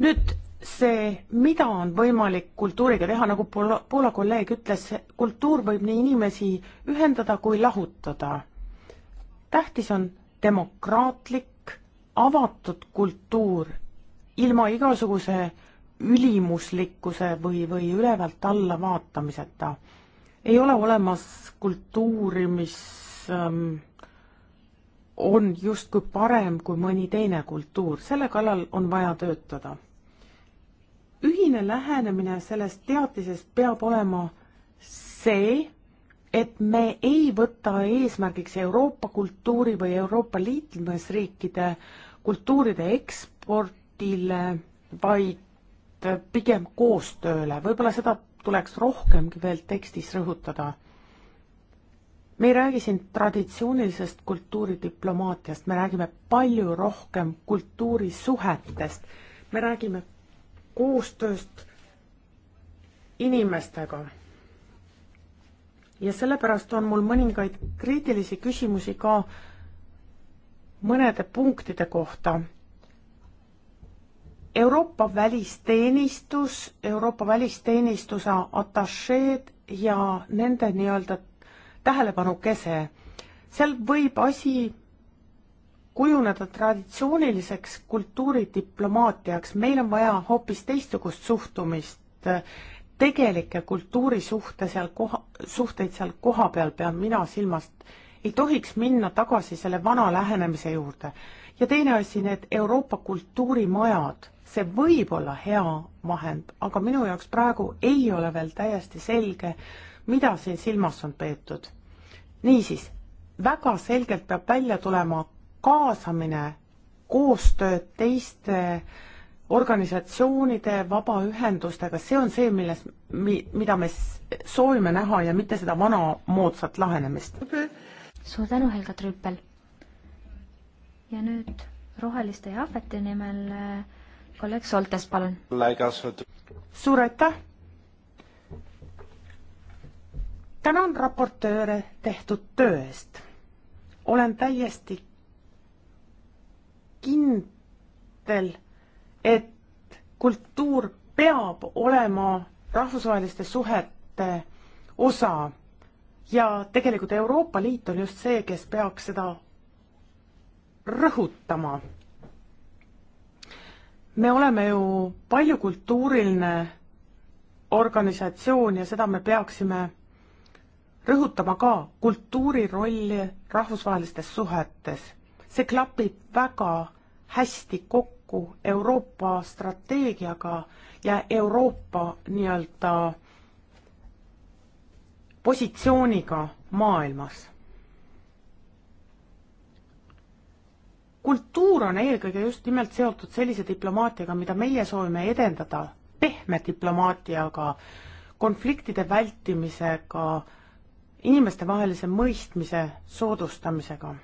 nüüd see, mida on võimalik kultuuriga teha, nagu Poola, Poola kolleeg ütles, kultuur võib nii inimesi ühendada kui lahutada. tähtis on demokraatlik, avatud kultuur ilma igasuguse ülimuslikkuse või, või ülevalt alla vaatamiseta. ei ole olemas kultuuri, mis ähm, on justkui parem kui mõni teine kultuur, selle kallal on vaja töötada. ühine lähenemine sellest teatisest peab olema see, et me ei võta eesmärgiks Euroopa kultuuri või Euroopa liitlasriikide kultuuride ekspordile, vaid pigem koostööle, võib-olla seda tuleks rohkemgi veel tekstis rõhutada. me ei räägi siin traditsioonilisest kultuuridiplomaatiast, me räägime palju rohkem kultuurisuhetest, me räägime koostööst inimestega ja sellepärast on mul mõningaid kriitilisi küsimusi ka mõnede punktide kohta. Euroopa välisteenistus, Euroopa välisteenistuse atašeed ja nende nii-öelda tähelepanu kese, seal võib asi kujuneda traditsiooniliseks kultuuridiplomaatiaks, meil on vaja hoopis teistsugust suhtumist tegelikke kultuurisuhte seal koha, suhteid seal kohapeal pean mina silmas, ei tohiks minna tagasi selle vana lähenemise juurde. ja teine asi, need Euroopa kultuurimajad, see võib olla hea vahend, aga minu jaoks praegu ei ole veel täiesti selge, mida siin silmas on peetud. niisiis, väga selgelt peab välja tulema kaasamine, koostööd teiste äh, organisatsioonide, vabaühendustega, see on see, milles, mi-, mida me soovime näha ja mitte seda vana moodsat lahenemist. suur tänu, Helga Trüppel! ja nüüd Roheliste ja Ahveti nimel äh, kolleeg Soltes, palun! suur aitäh! tänan raportööre tehtud töö eest. olen täiesti kindel et kultuur peab olema rahvusvaheliste suhete osa ja tegelikult Euroopa Liit on just see, kes peaks seda rõhutama. me oleme ju paljukultuuriline organisatsioon ja seda me peaksime rõhutama ka, kultuuri rolli rahvusvahelistes suhetes. see klapib väga hästi kokku kokku Euroopa strateegiaga ja Euroopa nii-öelda positsiooniga maailmas. kultuur on eelkõige just nimelt seotud sellise diplomaatiaga, mida meie soovime edendada, pehme diplomaatiaga, konfliktide vältimisega, inimestevahelise mõistmise soodustamisega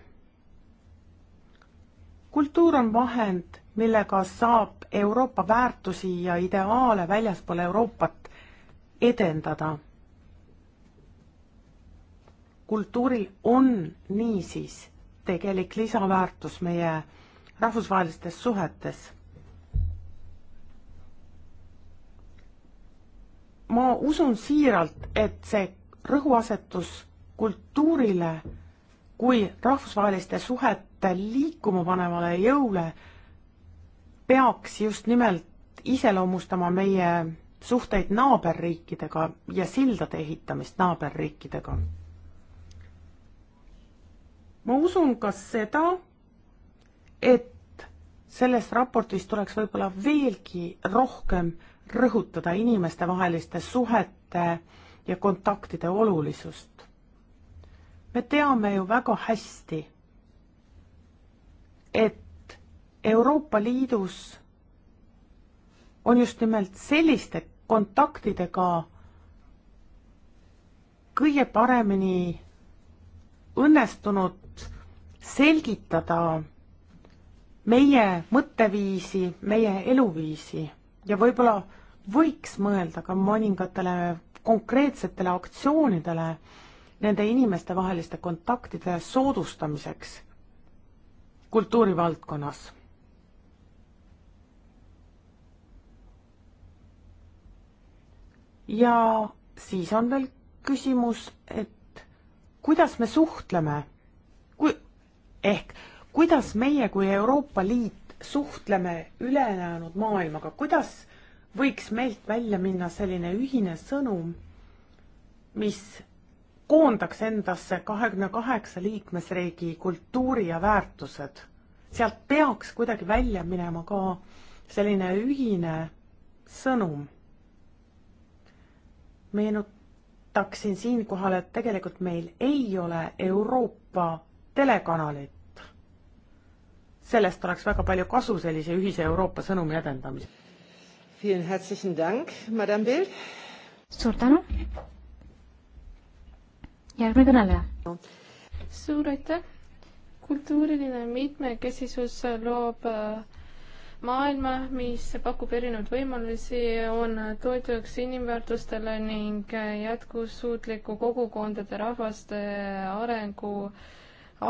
kultuur on vahend, millega saab Euroopa väärtusi ja ideaale väljaspool Euroopat edendada. kultuuril on niisiis tegelik lisaväärtus meie rahvusvahelistes suhetes. ma usun siiralt, et see rõhuasetus kultuurile kui rahvusvaheliste suhete mõtte liikuma panevale jõule peaks just nimelt iseloomustama meie suhteid naaberriikidega ja sildade ehitamist naaberriikidega. ma usun ka seda, et sellest raportist tuleks võib-olla veelgi rohkem rõhutada inimestevaheliste suhete ja kontaktide olulisust. me teame ju väga hästi et Euroopa Liidus on just nimelt selliste kontaktidega kõige paremini õnnestunud selgitada meie mõtteviisi, meie eluviisi ja võib-olla võiks mõelda ka mõningatele konkreetsetele aktsioonidele nende inimestevaheliste kontaktide soodustamiseks kultuurivaldkonnas. ja siis on veel küsimus, et kuidas me suhtleme, kui, ehk kuidas meie kui Euroopa Liit suhtleme ülejäänud maailmaga, kuidas võiks meilt välja minna selline ühine sõnum, mis koondaks endasse kahekümne kaheksa liikmesriigi kultuuri ja väärtused. sealt peaks kuidagi välja minema ka selline ühine sõnum. meenutaksin siinkohal, et tegelikult meil ei ole Euroopa telekanalit. sellest oleks väga palju kasu sellise ühise Euroopa sõnumi edendamisel. suur tänu järgmine kõneleja. suur aitäh! kultuuriline mitmekesisus loob äh, maailma, mis pakub erinevaid võimalusi, on toetuseks inimväärtustele ning äh, jätkusuutliku kogukondade rahvaste äh, arengu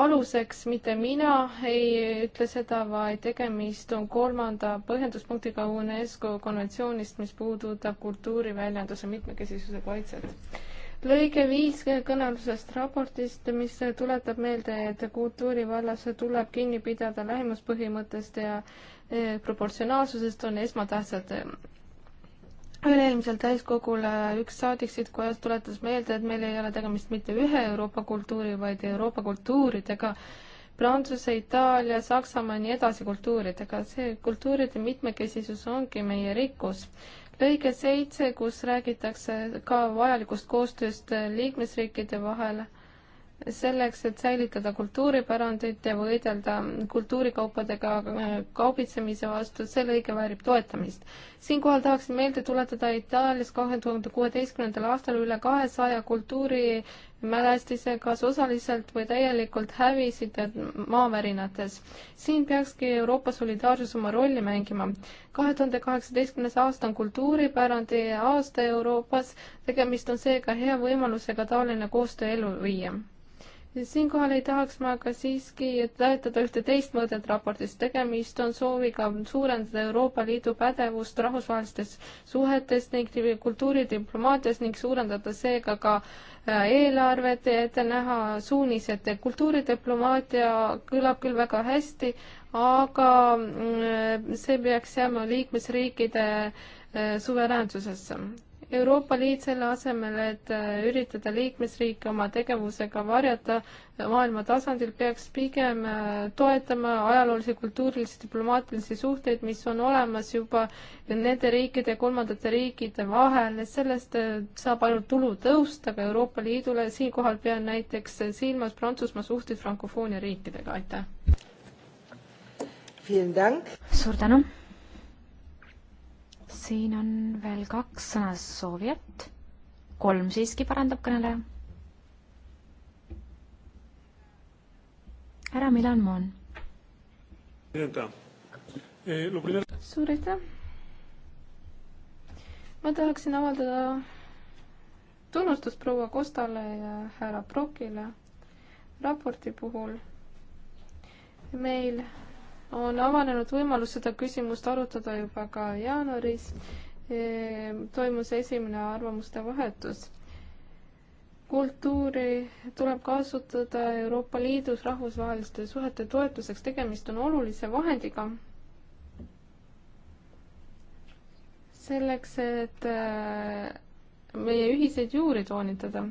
aluseks, mitte mina ei ütle seda, vaid tegemist on kolmanda põhjenduspunktiga UNESCO konventsioonist, mis puudutab kultuuriväljenduse mitmekesisuse kaitset lõige viis kõnelusest raportist, mis tuletab meelde, et kultuuri vallas tuleb kinni pidada lähimuspõhimõttest ja eh, proportsionaalsusest on esmatähtsad. üle-eelmisel täiskogul eh, üks saadik siit kojast tuletas meelde, et meil ei ole tegemist mitte ühe Euroopa kultuuri, vaid Euroopa kultuuridega Prantsuse, Itaalia, Saksamaa ja nii edasi kultuuridega. see kultuuride mitmekesisus ongi meie rikkus lõige seitse, kus räägitakse ka vajalikust koostööst liikmesriikide vahel selleks, et säilitada kultuuripärandit ja võidelda kultuurikaupadega äh, kaubitsemise vastu, see lõige väärib toetamist. siinkohal tahaksin meelde tuletada Itaalias kahe tuhande kuueteistkümnendal aastal üle kahesaja kultuurimälestise kas osaliselt või täielikult hävisid maavärinates. siin peakski Euroopa solidaarsus oma rolli mängima. kahe tuhande kaheksateistkümnes aasta on kultuuripärandi aasta Euroopas, tegemist on seega hea võimalusega taoline koostöö ellu viia siinkohal ei tahaks ma aga siiski toetada ühte teist mõõdet raportis. tegemist on sooviga suurendada Euroopa Liidu pädevust rahvusvahelistes suhetes ning kultuuridiplomaatias ning suurendada seega ka äh, eelarvet ja ette näha suunised. kultuuridiplomaatia kõlab küll väga hästi, aga mm, äh, see peaks jääma liikmesriikide äh, suveräänsusesse Euroopa Liit selle asemel, et äh, üritada liikmesriike oma tegevusega varjata äh, maailma tasandil, peaks pigem äh, toetama ajaloolisi, kultuurilisi, diplomaatilisi suhteid, mis on olemas juba nende riikide ja kolmandate riikide vahel, sellest saab ainult tulu tõusta ka Euroopa Liidule, siinkohal pean näiteks silmas Prantsusmaa suhteid frankofoonia riikidega, aitäh! suur tänu! siin on veel kaks sõnasoovijat, kolm siiski, parandab kõneleja. härra Milan Moon. suur aitäh. ma tahaksin avaldada tunnustust proua Kostale ja härra Brokile raporti puhul. meil on avanenud võimalus seda küsimust arutada juba ka jaanuaris. E, toimus esimene arvamuste vahetus. kultuuri tuleb kasutada Euroopa Liidus rahvusvaheliste suhete toetuseks, tegemist on olulise vahendiga. selleks, et e, meie ühiseid juuri toonitada.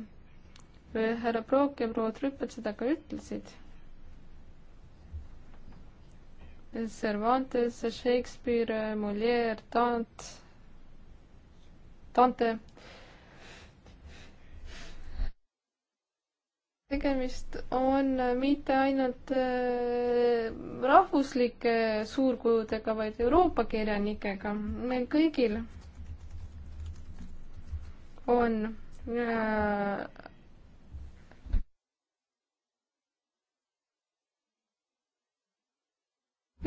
härra Prook ja proua Trüppel seda ka ütlesid Cervantes, Shakespeare, Molière, Dant, Dante. tegemist on mitte ainult äh, rahvuslike suurkujudega, vaid Euroopa kirjanikega. meil kõigil on äh,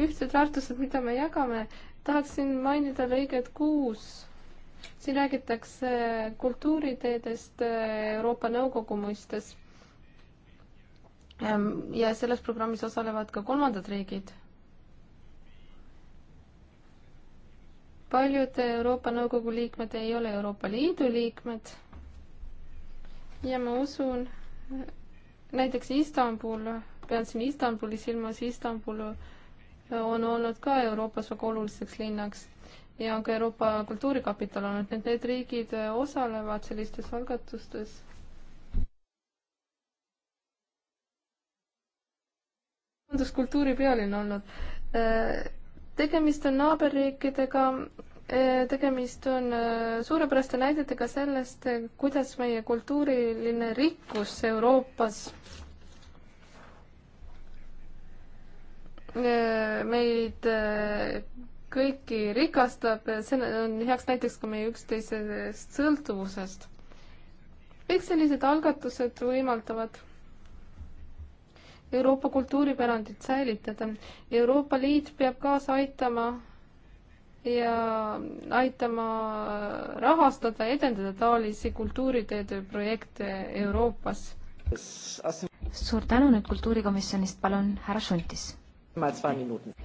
ühtsed väärtused, mida me jagame, tahaksin mainida lõiget kuus. siin räägitakse kultuuriteedest äh, Euroopa Nõukogu mõistes. Ehm, ja selles programmis osalevad ka kolmandad riigid. paljud Euroopa Nõukogu liikmed ei ole Euroopa Liidu liikmed. ja ma usun, näiteks Istanbul, pean siin Istanbuli silmas Istanbuli on olnud ka Euroopas väga oluliseks linnaks ja ka Euroopa kultuurikapital on, et need riigid äh, osalevad sellistes algatustes majanduskultuuri pealinn olnud. Äh, tegemist on naaberriikidega, äh, tegemist on suurepäraste näidetega sellest, kuidas meie kultuuriline rikkus Euroopas Äh, meid äh, kõiki rikastab, see on heaks näiteks ka meie üksteisest sõltuvusest. kõik sellised algatused võimaldavad Euroopa kultuuripärandit säilitada. Euroopa Liit peab kaasa aitama ja aitama rahastada, edendada taolisi kultuuriteede projekte Euroopas. suur tänu nüüd Kultuurikomisjonist, palun härra Šuntis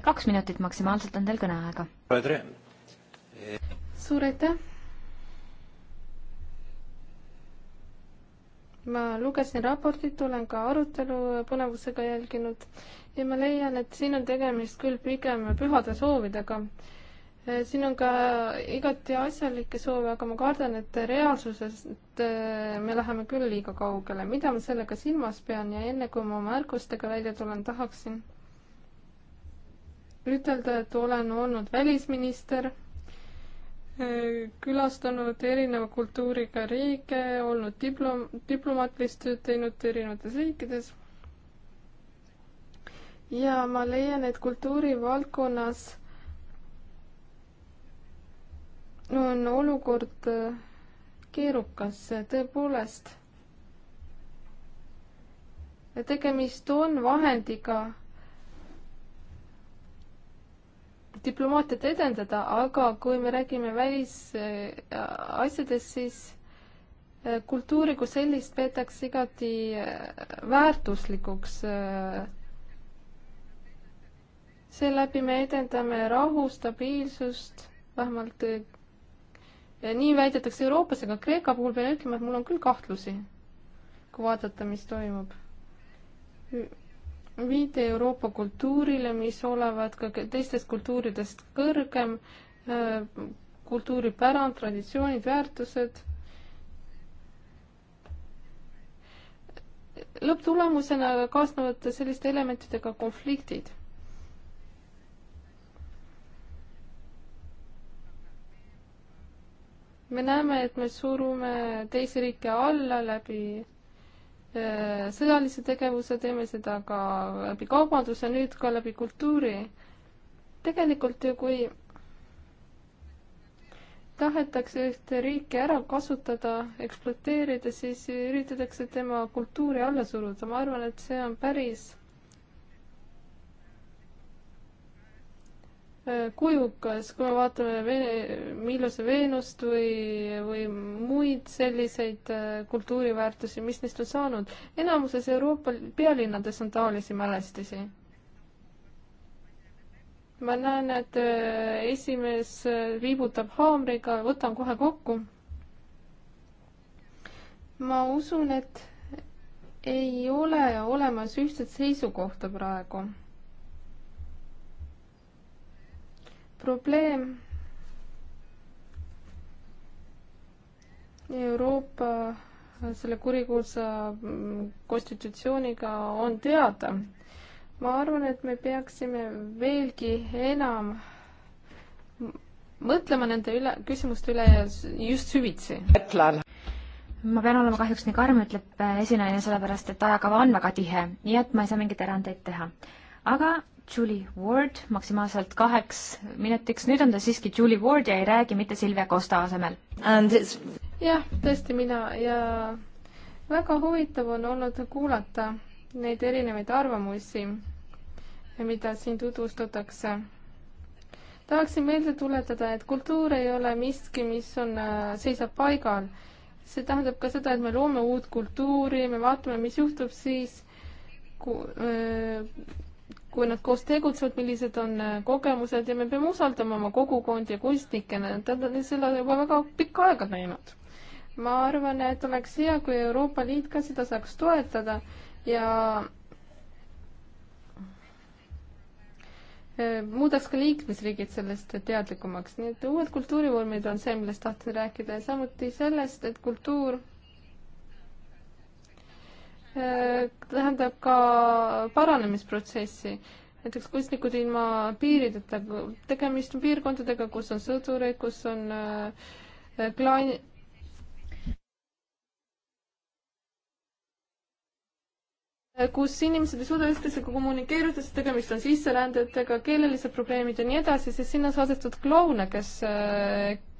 kaks minutit maksimaalselt on teil kõneaega. suur aitäh. ma lugesin raportit, olen ka arutelu põnevusega jälginud ja ma leian, et siin on tegemist küll pigem pühade soovidega. siin on ka igati asjalikke soove, aga ma kardan, et reaalsusest eh, me läheme küll liiga kaugele. mida ma sellega silmas pean ja enne kui ma oma märkustega välja tulen, tahaksin ütelda, et olen olnud välisminister, külastanud erineva kultuuriga riike, olnud diplom-, diplomaatilist tööd teinud erinevates riikides. ja ma leian, et kultuurivaldkonnas on olukord keerukas, tõepoolest. tegemist on vahendiga diplomaatiat edendada, aga kui me räägime välisasjadest, äh, siis äh, kultuuri kui sellist peetakse igati äh, väärtuslikuks. seeläbi me edendame rahu, stabiilsust, vähemalt nii väidetakse Euroopas, aga Kreeka puhul pean ütlema, et mul on küll kahtlusi, kui vaadata, mis toimub viide Euroopa kultuurile, mis olevat ka teistest kultuuridest kõrgem, äh, kultuuripärand, traditsioonid, väärtused. lõpptulemusena kaasnevad selliste elementidega konfliktid. me näeme, et me surume teisi riike alla läbi Äh, sõjalise tegevuse, teeme seda ka läbi kaubanduse, nüüd ka läbi kultuuri. tegelikult ju kui tahetakse ühte riiki ära kasutada, ekspluateerida, siis üritatakse tema kultuuri alla suruda, ma arvan, et see on päris kujukas, kui me vaatame Vene, Miilose Veenust või, või muid selliseid äh, kultuuriväärtusi, mis neist on saanud. enamuses Euroopa pealinnades on taolisi mälestisi. ma näen, et äh, esimees äh, viibutab haamriga, võtan kohe kokku. ma usun, et ei ole olemas ühtset seisukohta praegu probleem Euroopa selle kurikuulsa mm, konstitutsiooniga on teada. ma arvan, et me peaksime veelgi enam mõtlema nende üle, küsimuste üle ja just süvitsi. ma pean olema kahjuks nii karm, ütleb esinaine, sellepärast et ajakava on väga tihe, nii et ma ei saa mingeid erandeid teha. aga Julie Ward maksimaalselt kaheks minutiks, nüüd on ta siiski Julie Ward ja ei räägi mitte Silvia Costa asemel. jah, tõesti mina ja väga huvitav on olnud kuulata neid erinevaid arvamusi, mida siin tutvustatakse. tahaksin meelde tuletada, et kultuur ei ole miski, mis on, äh, seisab paigal. see tähendab ka seda, et me loome uut kultuuri, me vaatame, mis juhtub siis, kui öö, äh, kui nad koos tegutsevad, millised on äh, kogemused ja me peame usaldama oma kogukondi ja kunstnikena, nad on seda juba väga pikka aega näinud. ma arvan, et oleks hea, kui Euroopa Liit ka seda saaks toetada ja äh, muudaks ka liikmesriigid sellest teadlikumaks, nii et uued kultuurivormid on see, millest tahtsin rääkida ja samuti sellest, et kultuur Äh, tähendab ka paranemisprotsessi. näiteks kunstnikud ilma piirideta, tegemist on piirkondadega, kus on sõdureid, kus on äh, äh, klaan-, kus inimesed ei suuda üksteisega kommunikeeruda, sest tegemist on sisserändajatega, keelelised probleemid ja nii edasi, siis sinna on saadetud kloune, kes,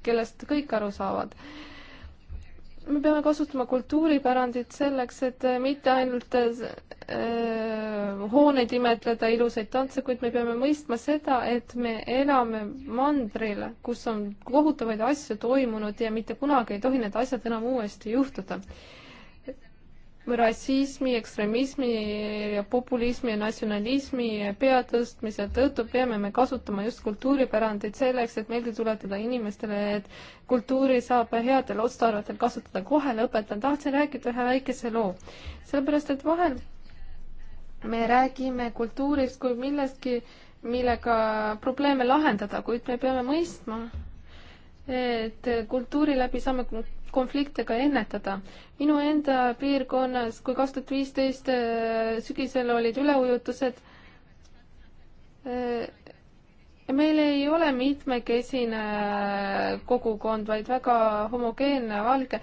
kellest kõik aru saavad me peame kasutama kultuuripärandit selleks, et äh, mitte ainult äh, äh, hooneid imetleda, ilusaid tantse, kuid me peame mõistma seda, et me elame mandril, kus on kohutavaid asju toimunud ja mitte kunagi ei tohi need asjad enam uuesti juhtuda rassismi, ekstremismi ja populismi ja natsionalismi peatõstmise tõttu peame me kasutama just kultuuripärandit selleks, et meelde tuletada inimestele, et kultuuri saab headel otstarvetel kasutada. kohe lõpetan, tahtsin rääkida ühe väikese loo. sellepärast, et vahel me räägime kultuurist kui millestki, millega probleeme lahendada, kuid me peame mõistma, et kultuuri läbi saame konflikte ka ennetada. minu enda piirkonnas, kui kaks tuhat viisteist äh, sügisel olid üleujutused, äh, meil ei ole mitmekesine äh, kogukond, vaid väga homogeenne, valge,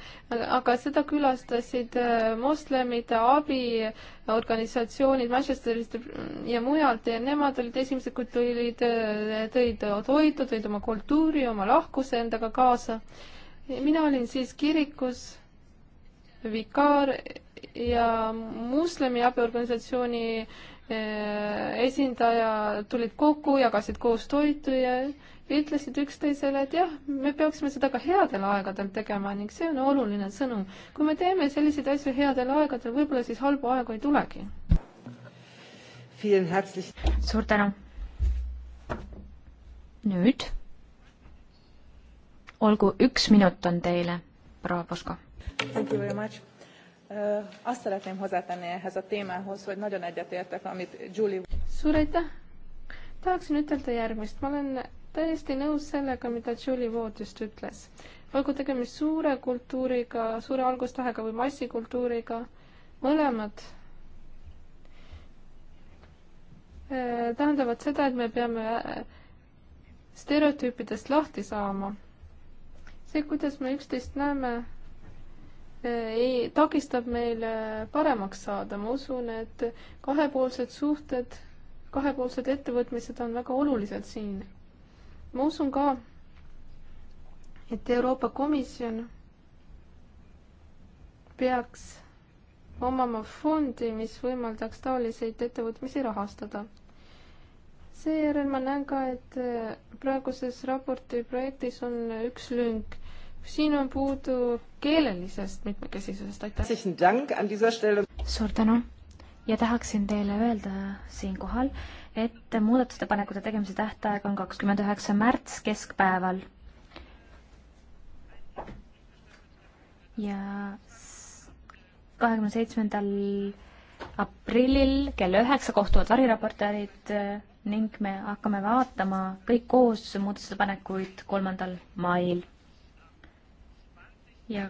aga seda külastasid moslemite abiorganisatsioonid Manchesterist ja mujalt ja nemad olid esimesed, kui tulid, tõid toitu, tõid oma kultuuri, oma lahkuse endaga kaasa mina olin siis kirikus vikaar ja moslemi abiorganisatsiooni eh, esindaja tulid kokku, jagasid koos toitu ja ütlesid üksteisele, et jah, me peaksime seda ka headel aegadel tegema ning see on oluline sõnum. kui me teeme selliseid asju headel aegadel, võib-olla siis halbu aegu ei tulegi. suur tänu. nüüd olgu, üks minut on teile, proua Posko. Thank you very much. Uh, azt szeretném hozzátenni ehhez a témához, hogy nagyon egyetértek, amit Julie... Suur aitäh! Tahaksin ütelda järgmist. Ma olen täiesti nõus sellega, mida Julie Wood just ütles. olgu tegemist suure kultuuriga, suure algustahega või massikultuuriga, mõlemad eh, tähendavad seda, et me peame eh, stereotüüpidest lahti saama see, kuidas me üksteist näeme, eh, ei, takistab meil eh, paremaks saada, ma usun, et kahepoolsed suhted, kahepoolsed ettevõtmised on väga olulised siin. ma usun ka, et Euroopa Komisjon peaks omama fondi, mis võimaldaks taoliseid ettevõtmisi rahastada seejärel ma näen ka, et äh, praeguses raporti projektis on üks lünk. siin on puudu keelelisest mitmekesisusest, aitäh. suur tänu ja tahaksin teile öelda siinkohal, et muudatustepanekute tegemise tähtaeg on kakskümmend üheksa märts keskpäeval. ja kahekümne seitsmendal aprillil kell üheksa kohtuvad variraportöörid äh, ning me hakkame vaatama kõik koos muudatusettepanekuid kolmandal mail. ja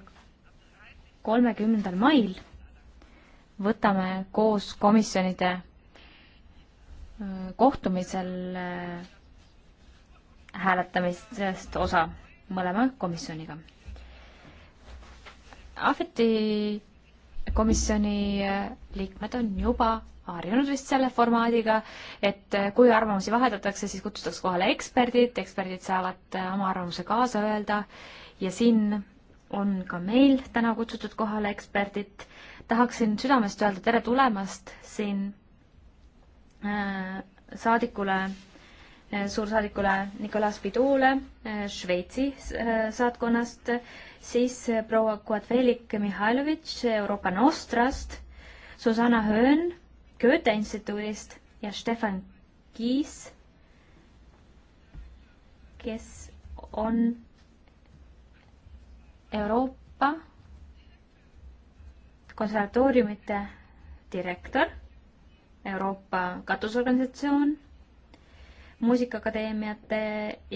kolmekümnendal mail võtame koos komisjonide kohtumisel hääletamistest osa mõlema komisjoniga. Ahveti komisjoni liikmed on juba harjunud vist selle formaadiga, et äh, kui arvamusi vahetatakse, siis kutsutakse kohale eksperdid, eksperdid saavad äh, oma arvamuse kaasa öelda ja siin on ka meil täna kutsutud kohale eksperdid. tahaksin südamest öelda tere tulemast siin äh, saadikule, suursaadikule Nicolas Pidule Šveitsi saatkonnast, siis proua Kuatvelik Mihhailovitš Euroopa Nostrast, Susanna Höön Goethe instituudist ja Stefan Kiis, kes on Euroopa konservatooriumite direktor, Euroopa katusorganisatsioon, muusikaakadeemiate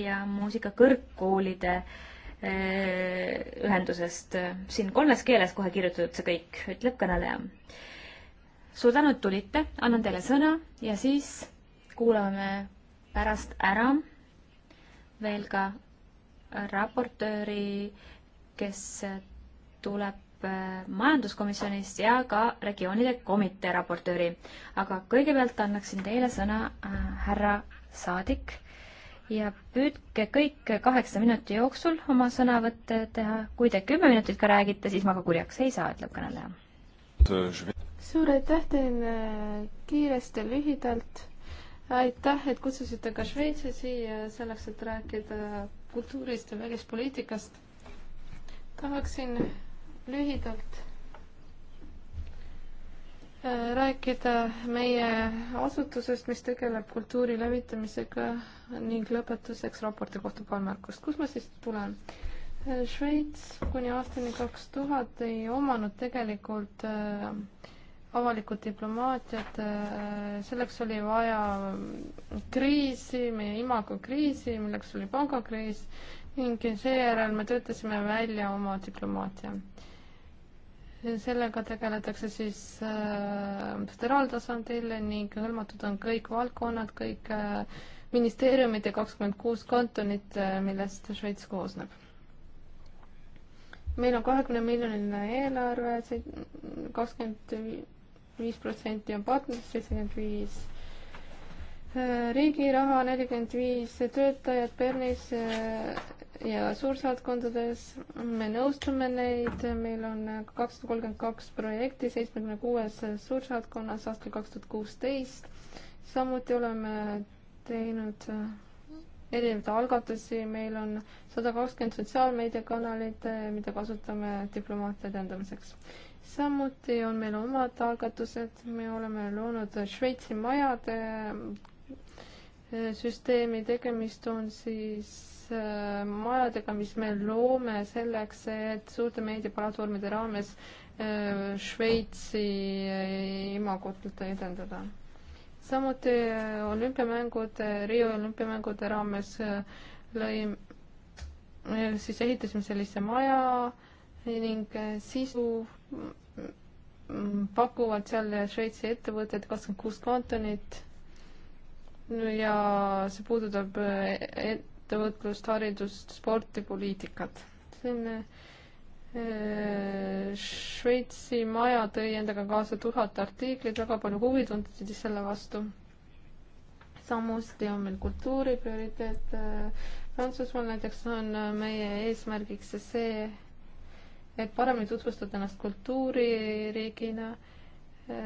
ja muusikakõrgkoolide eh, ühendusest. siin kolmes keeles kohe kirjutatud see kõik, ütleb kõneleja suur tänu, et tulite, annan teile sõna ja siis kuulame pärast ära veel ka raportööri, kes tuleb äh, majanduskomisjonist ja ka regioonide komitee raportööri. aga kõigepealt annaksin teile sõna äh, härra saadik ja püüdke kõik kaheksa minuti jooksul oma sõnavõtte teha. kui te kümme minutit ka räägite, siis ma ka kurjaks ei saa, ütleb kõneleja. Äh, suur aitäh teile kiiresti, lühidalt. aitäh, et kutsusite ka Šveitsi siia selleks, et rääkida kultuurist ja välispoliitikast. tahaksin lühidalt äh, rääkida meie asutusest, mis tegeleb kultuuri levitamisega ning lõpetuseks raporti kohta paar märkust. kust ma siis tulen? Äh, Šveits kuni aastani kaks tuhat ei omanud tegelikult äh, avalikud diplomaatiad, äh, selleks oli vaja kriisi, meie imago kriisi, milleks oli pangakriis ning seejärel me töötasime välja oma diplomaatia. sellega tegeletakse siis äh, föderaaltasandil ning hõlmatud on kõik valdkonnad, kõik äh, ministeeriumid ja kakskümmend kuus kantonit, millest Šveits koosneb meil on kahekümne miljoniline eelarve, kakskümmend viis protsenti on partnerlus, seitsekümmend viis äh, riigi raha, nelikümmend viis töötajat Bernis äh, ja suursaatkondades. me nõustume neid, meil on kakssada kolmkümmend kaks projekti seitsmekümne kuues suursaatkonnas aastal kaks tuhat kuusteist. samuti oleme teinud äh, erinevaid algatusi, meil on sada kakskümmend sotsiaalmeediakanalit, mida kasutame diplomaatia edendamiseks samuti on meil omad algatused, me oleme loonud Šveitsi majade e, süsteemi, tegemist on siis e, majadega, mis me loome selleks, et suurte meediaplatvormide raames e, Šveitsi imagot edendada. samuti olümpiamängude, Rio olümpiamängude raames lõi, siis ehitasime sellise maja ning sisu pakuvad seal Šveitsi ettevõtted kakskümmend kuus kantonit ja see puudutab ettevõtlust, haridust, sporti, poliitikat. selline äh, Šveitsi maja tõi endaga kaasa tuhat artiklit, väga palju huvi tunti selle vastu. samuti on meil kultuuri prioriteet. Äh, Prantsusmaal näiteks on äh, meie eesmärgiks see, et paremini tutvustada ennast kultuuririigina. Äh,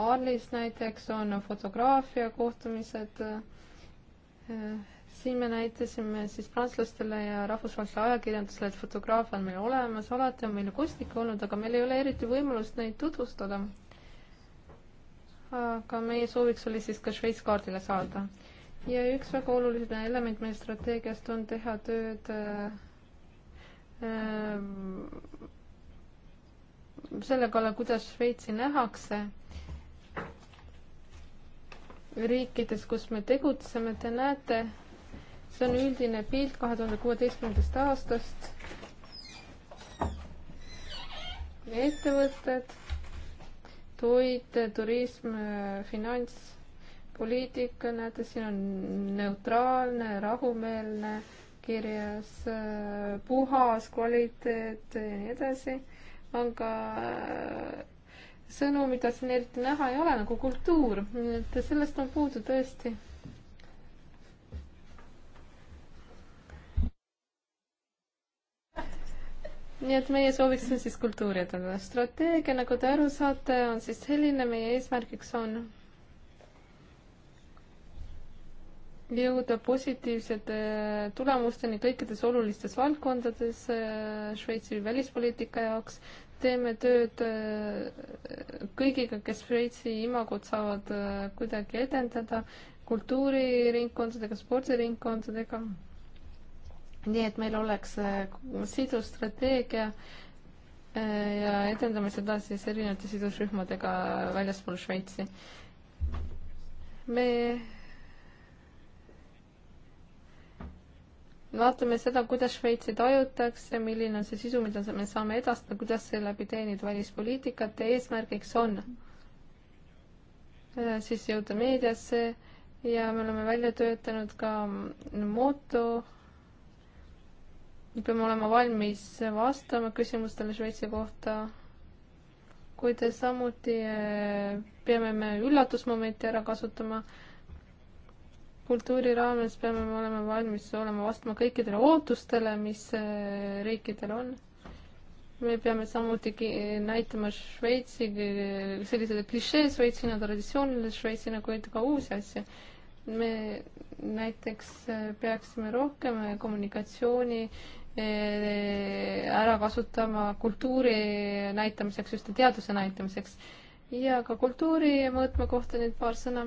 Arlis näiteks on fotograafia kohtumised. Äh, siin me näitasime siis prantslastele ja rahvusvahelisele ajakirjandusele, et fotograafia on meil olemas, alati on meil kunstnikke olnud, aga meil ei ole eriti võimalust neid tutvustada. aga meie sooviks oli siis ka Šveits kaardile saada. ja üks väga oluline element meie strateegiast on teha tööd äh, Ehm, selle kallal, kuidas Šveitsi nähakse riikides, kus me tegutseme, te näete, see on üldine pilt kahe tuhande kuueteistkümnendast aastast. ettevõtted, toit, turism, finants, poliitika, näete, siin on neutraalne, rahumeelne kirjas, äh, puhas, kvaliteet ja nii edasi, aga äh, sõnu, mida siin eriti näha ei ole, nagu kultuur, et sellest on puudu tõesti. nii et meie sooviksime siis kultuuri edendada. strateegia, nagu te aru saate, on siis selline, meie eesmärgiks on jõuda positiivsete tulemusteni kõikides olulistes valdkondades äh, Šveitsi välispoliitika jaoks. teeme tööd äh, kõigiga, kes Šveitsi imagot saavad äh, kuidagi edendada, kultuuriringkondadega, spordiringkondadega. nii et meil oleks sidus strateegia ja edendame seda siis erinevate sidusrühmadega väljaspool Šveitsi. me vaatame seda, kuidas Šveitsi tajutakse, milline on see sisu, mida me saame edastada, kuidas seeläbi teenida välispoliitikat ja eesmärgiks on äh, siis jõuda meediasse ja me oleme välja töötanud ka mm, moto. me peame olema valmis vastama küsimustele Šveitsi kohta, kuid samuti äh, peame me üllatusmomente ära kasutama kultuuri raames peame me olema valmis olema vastama kõikidele ootustele, mis eh, riikidel on. me peame samuti näitama Šveitsi, sellisele klišee Šveitsina, traditsioonile Šveitsina, kuid ka uusi asju. me näiteks eh, peaksime rohkem eh, kommunikatsiooni ära kasutama kultuuri näitamiseks, just teaduse näitamiseks ja ka kultuuri mõõtme kohta nüüd paar sõna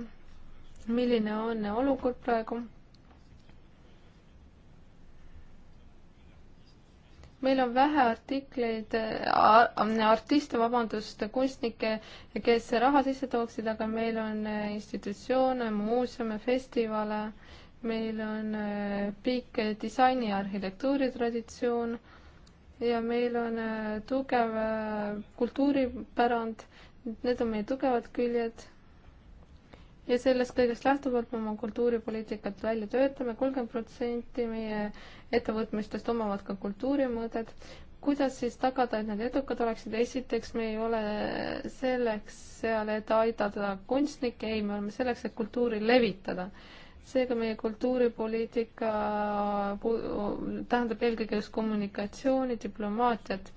milline on olukord praegu? meil on vähe artikleid, artiste, vabandust, kunstnikke, kes raha sisse tooksid, aga meil on äh, institutsioone, muuseume, festivale, meil on äh, pikk disaini ja arhitektuuritraditsioon ja meil on äh, tugev kultuuripärand. Need on meie tugevad küljed ja sellest kõigest lähtuvalt me oma kultuuripoliitikat välja töötame, kolmkümmend protsenti meie ettevõtmistest omavad ka kultuurimõõded. kuidas siis tagada, et need edukad oleksid, esiteks me ei ole selleks seal, et aidata kunstnikke, ei, me oleme selleks, et kultuuri levitada. seega meie kultuuripoliitika tähendab eelkõige just kommunikatsiooni, diplomaatiat.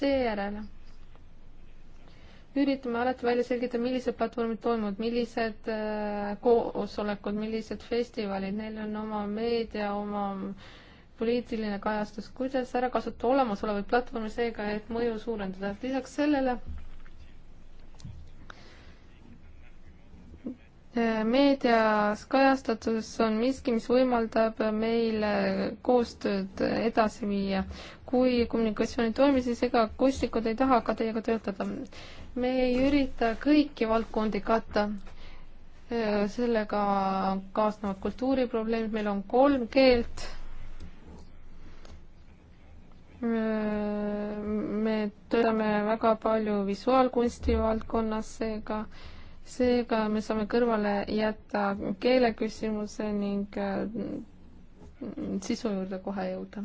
seejärel üritame alati välja selgitada, millised platvormid toimuvad, millised äh, koosolekud, millised festivalid, neil on oma meedia, oma poliitiline kajastus, kuidas ära kasutada olemasolevaid platvorme seega, et mõju suurendada. lisaks sellele äh, meedias kajastatus on miski, mis võimaldab meil äh, koostööd edasi viia. kui kommunikatsioon ei toimi, siis ega kunstnikud ei taha ka teiega töötada me ei ürita kõiki valdkondi katta. sellega kaasnevad kultuuriprobleemid, meil on kolm keelt. me töötame väga palju visuaalkunsti valdkonnas, seega seega me saame kõrvale jätta keeleküsimuse ning sisu juurde kohe jõuda.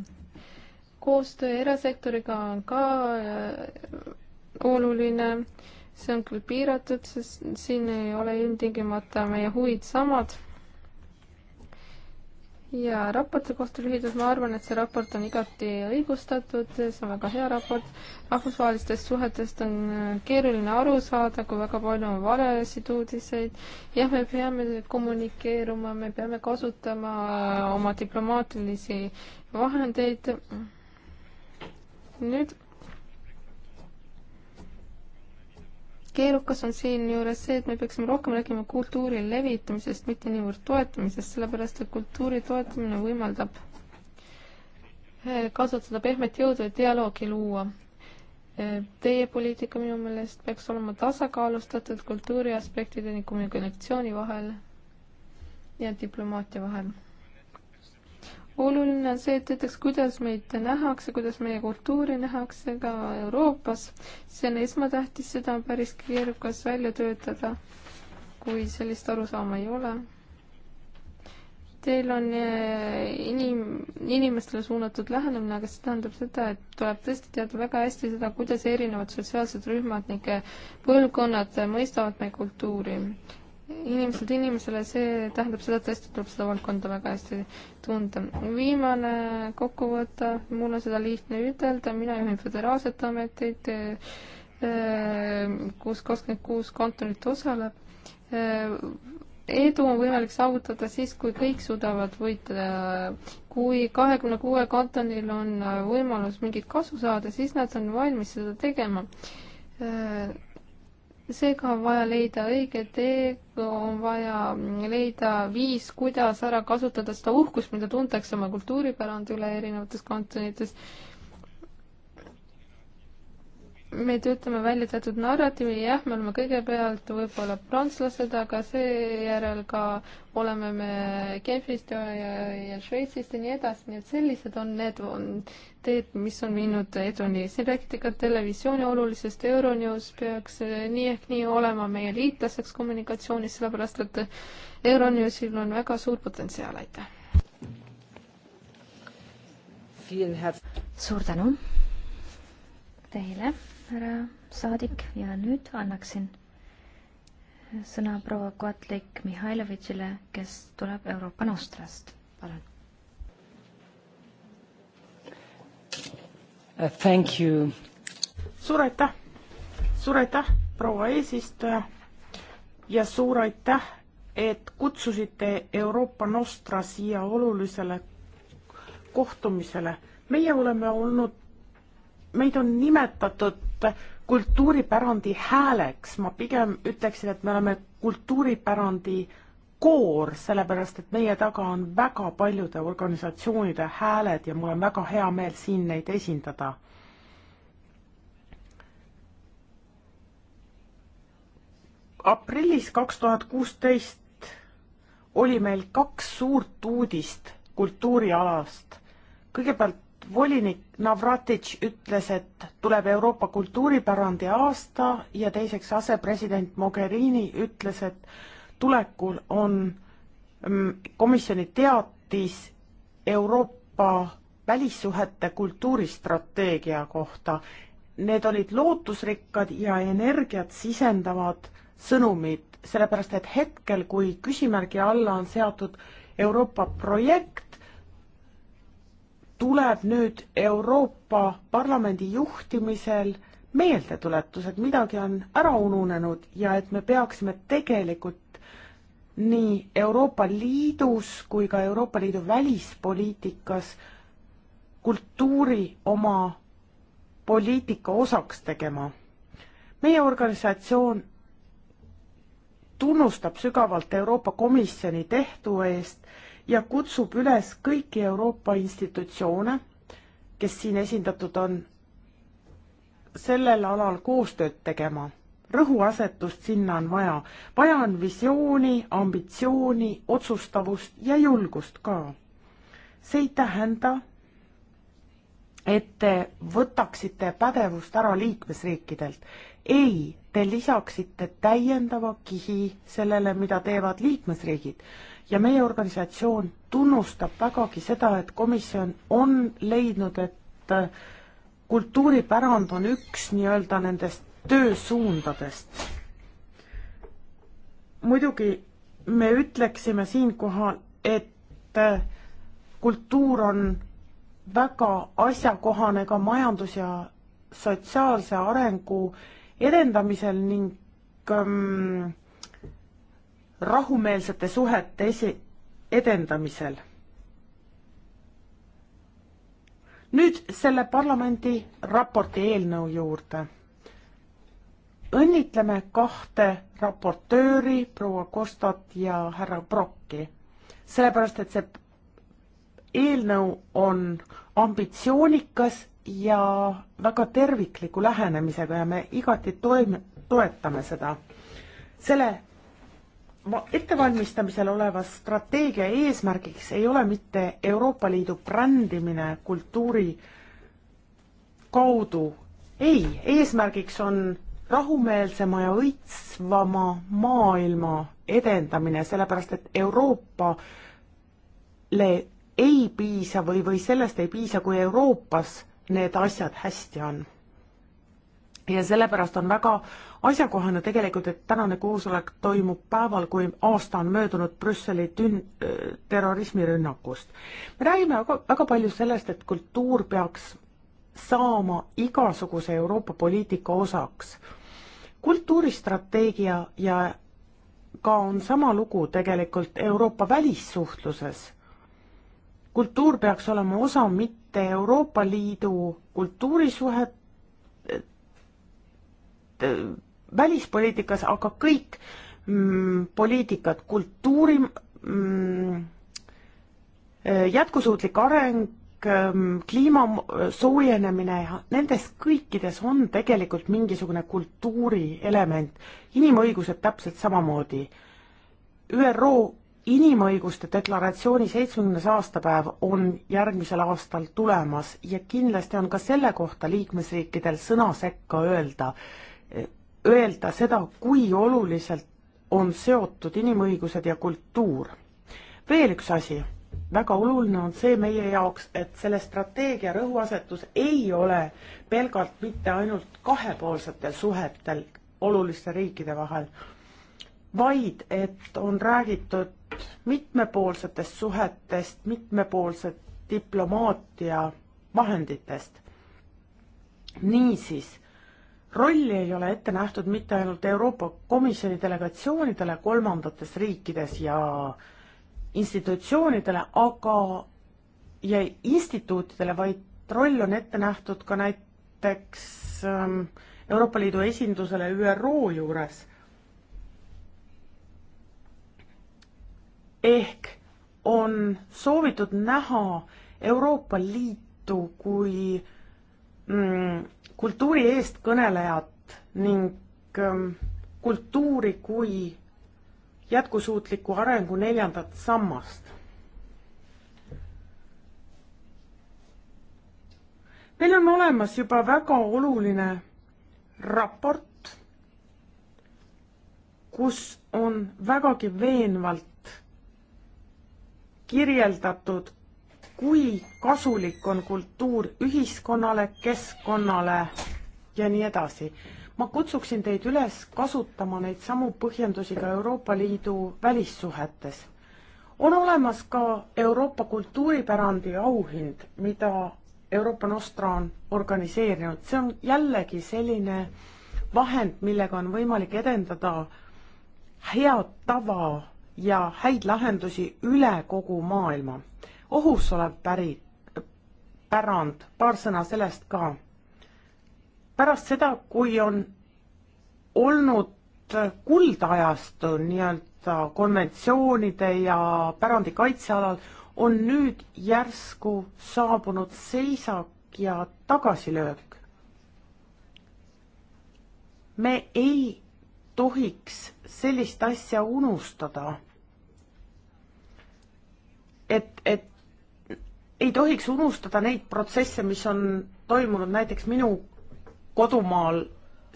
koostöö erasektoriga on ka oluline, see on küll piiratud, sest siin ei ole ilmtingimata meie huvid samad. ja raporti kohta lühidalt ma arvan, et see raport on igati õigustatud, see on väga hea raport. rahvusvahelistest suhetest on keeruline aru saada, kui väga palju on valesid uudiseid. jah, me peame kommunikeeruma, me peame kasutama oma diplomaatilisi vahendeid. nüüd keerukas on siinjuures see, et me peaksime rohkem rääkima kultuuri levitamisest, mitte niivõrd toetamisest, sellepärast et kultuuri toetamine võimaldab eh, kasutada pehmet jõudu ja dialoogi luua. Eh, teie poliitika minu meelest peaks olema tasakaalustatud kultuuri aspektide ning kommunikatsiooni vahel ja diplomaatia vahel oluline on see, et ütleks, kuidas meid nähakse, kuidas meie kultuuri nähakse ka Euroopas. see on esmatähtis, seda on päris keerukas välja töötada, kui sellist arusaama ei ole. Teil on eh, inim-, inimestele suunatud lähenemine, aga see tähendab seda, et tuleb tõesti teada väga hästi seda, kuidas erinevad sotsiaalsed rühmad ning eh, põlvkonnad eh, mõistavad meie kultuuri inimeselt inimesele, see tähendab seda, et tõesti tuleb seda valdkonda väga hästi tunda. viimane kokkuvõte, mul on seda lihtne ütelda, mina juhin föderaalset ametit, äh, kus kakskümmend kuus kantonit osaleb. Äh, edu on võimalik saavutada siis, kui kõik suudavad võita. kui kahekümne kuue kantonil on võimalus mingit kasu saada, siis nad on valmis seda tegema äh, seega on vaja leida õige tee, on vaja leida viis, kuidas ära kasutada seda uhkust, mida tuntakse oma kultuuripärandi üle erinevates kantonites me töötame välja teatud narratiivi, jah, me oleme kõigepealt võib-olla prantslased, aga seejärel ka oleme me Genfist ja, ja, ja Šveitsist ja nii edasi, nii et sellised on need on teed, mis on viinud eduni. siin räägiti ka televisiooni olulisest, Euronews peaks nii ehk nii olema meie liitlaseks kommunikatsioonis, sellepärast et Euronewsil on väga suur potentsiaal, aitäh! suur tänu teile! härra saadik ja nüüd annaksin sõna proua Kotlik Mihhailovitšile, kes tuleb Euroopa Nostrast, palun. Uh, thank you. suur aitäh, suur aitäh, proua eesistuja ja suur aitäh, et kutsusite Euroopa Nostra siia olulisele kohtumisele. meie oleme olnud, meid on nimetatud kultuuripärandi hääleks, ma pigem ütleksin, et me oleme kultuuripärandi koor, sellepärast et meie taga on väga paljude organisatsioonide hääled ja mul on väga hea meel siin neid esindada. aprillis kaks tuhat kuusteist oli meil kaks suurt uudist kultuurialast. kõigepealt volinik Navratitš ütles, et tuleb Euroopa kultuuripärandi aasta ja teiseks asepresident Mogherini ütles, et tulekul on mm, komisjoni teatis Euroopa välissuhete kultuuristrateegia kohta. Need olid lootusrikkad ja energiat sisendavad sõnumid, sellepärast et hetkel, kui küsimärgi alla on seatud Euroopa projekt, tuleb nüüd Euroopa Parlamendi juhtimisel meeldetuletus, et midagi on ära ununenud ja et me peaksime tegelikult nii Euroopa Liidus kui ka Euroopa Liidu välispoliitikas kultuuri oma poliitika osaks tegema. meie organisatsioon tunnustab sügavalt Euroopa Komisjoni tehtu eest ja kutsub üles kõiki Euroopa institutsioone, kes siin esindatud on, sellel alal koostööd tegema. rõhuasetust sinna on vaja. vaja on visiooni, ambitsiooni, otsustavust ja julgust ka. see ei tähenda, et te võtaksite pädevust ära liikmesriikidelt. ei, te lisaksite täiendava kihi sellele, mida teevad liikmesriigid ja meie organisatsioon tunnustab vägagi seda, et komisjon on leidnud, et äh, kultuuripärand on üks nii-öelda nendest töösuundadest. muidugi me ütleksime siinkohal, et äh, kultuur on väga asjakohane ka majandus- ja sotsiaalse arengu edendamisel ning ähm, rahumeelsete suhete esi-, edendamisel. nüüd selle parlamendi raporti eelnõu juurde. õnnitleme kahte raportööri, proua Kostat ja härra Brokki, sellepärast et see eelnõu on ambitsioonikas ja väga tervikliku lähenemisega ja me igati toime, toetame seda. selle ettevalmistamisel oleva strateegia eesmärgiks ei ole mitte Euroopa Liidu brändimine kultuuri kaudu. ei, eesmärgiks on rahumeelsema ja õitsvama maailma edendamine, sellepärast et Euroopale ei piisa või, või sellest ei piisa, kui Euroopas need asjad hästi on ja sellepärast on väga asjakohane tegelikult, et tänane koosolek toimub päeval, kui aasta on möödunud Brüsseli tün-, äh, terrorismirünnakust. me räägime väga, väga palju sellest, et kultuur peaks saama igasuguse Euroopa poliitika osaks. kultuuristrateegia ja ka on sama lugu tegelikult Euroopa välissuhtluses. kultuur peaks olema osa mitte Euroopa Liidu kultuurisuhet, Äh, välispoliitikas, aga kõik mm, poliitikad, kultuuri mm, äh, jätkusuutlik areng, ähm, kliima äh, soojenemine, nendes kõikides on tegelikult mingisugune kultuurielement, inimõigused täpselt samamoodi. ÜRO inimõiguste deklaratsiooni seitsmekümnes aastapäev on järgmisel aastal tulemas ja kindlasti on ka selle kohta liikmesriikidel sõna sekka öelda öelda seda, kui oluliselt on seotud inimõigused ja kultuur. veel üks asi, väga oluline on see meie jaoks, et selle strateegia rõhuasetus ei ole pelgalt mitte ainult kahepoolsetel suhetel oluliste riikide vahel, vaid et on räägitud mitmepoolsetest suhetest, mitmepoolset diplomaatia vahenditest. niisiis rolli ei ole ette nähtud mitte ainult Euroopa Komisjoni delegatsioonidele kolmandates riikides ja institutsioonidele, aga ja instituutidele, vaid roll on ette nähtud ka näiteks ähm, Euroopa Liidu esindusele ÜRO juures. ehk on soovitud näha Euroopa Liitu kui mm, kultuuri eestkõnelejat ning ähm, kultuuri kui jätkusuutliku arengu neljandat sammast. meil on olemas juba väga oluline raport, kus on vägagi veenvalt kirjeldatud kui kasulik on kultuur ühiskonnale, keskkonnale ja nii edasi. ma kutsuksin teid üles kasutama neid samu põhjendusi ka Euroopa Liidu välissuhetes. on olemas ka Euroopa kultuuripärandi auhind, mida Euroopa Nostra on organiseerinud, see on jällegi selline vahend, millega on võimalik edendada head tava ja häid lahendusi üle kogu maailma ohus olev päri, pärand, paar sõna sellest ka. pärast seda, kui on olnud kuldajastu nii-öelda konventsioonide ja pärandi kaitsealal, on nüüd järsku saabunud seisak ja tagasilöök. me ei tohiks sellist asja unustada. et, et ei tohiks unustada neid protsesse, mis on toimunud näiteks minu kodumaal,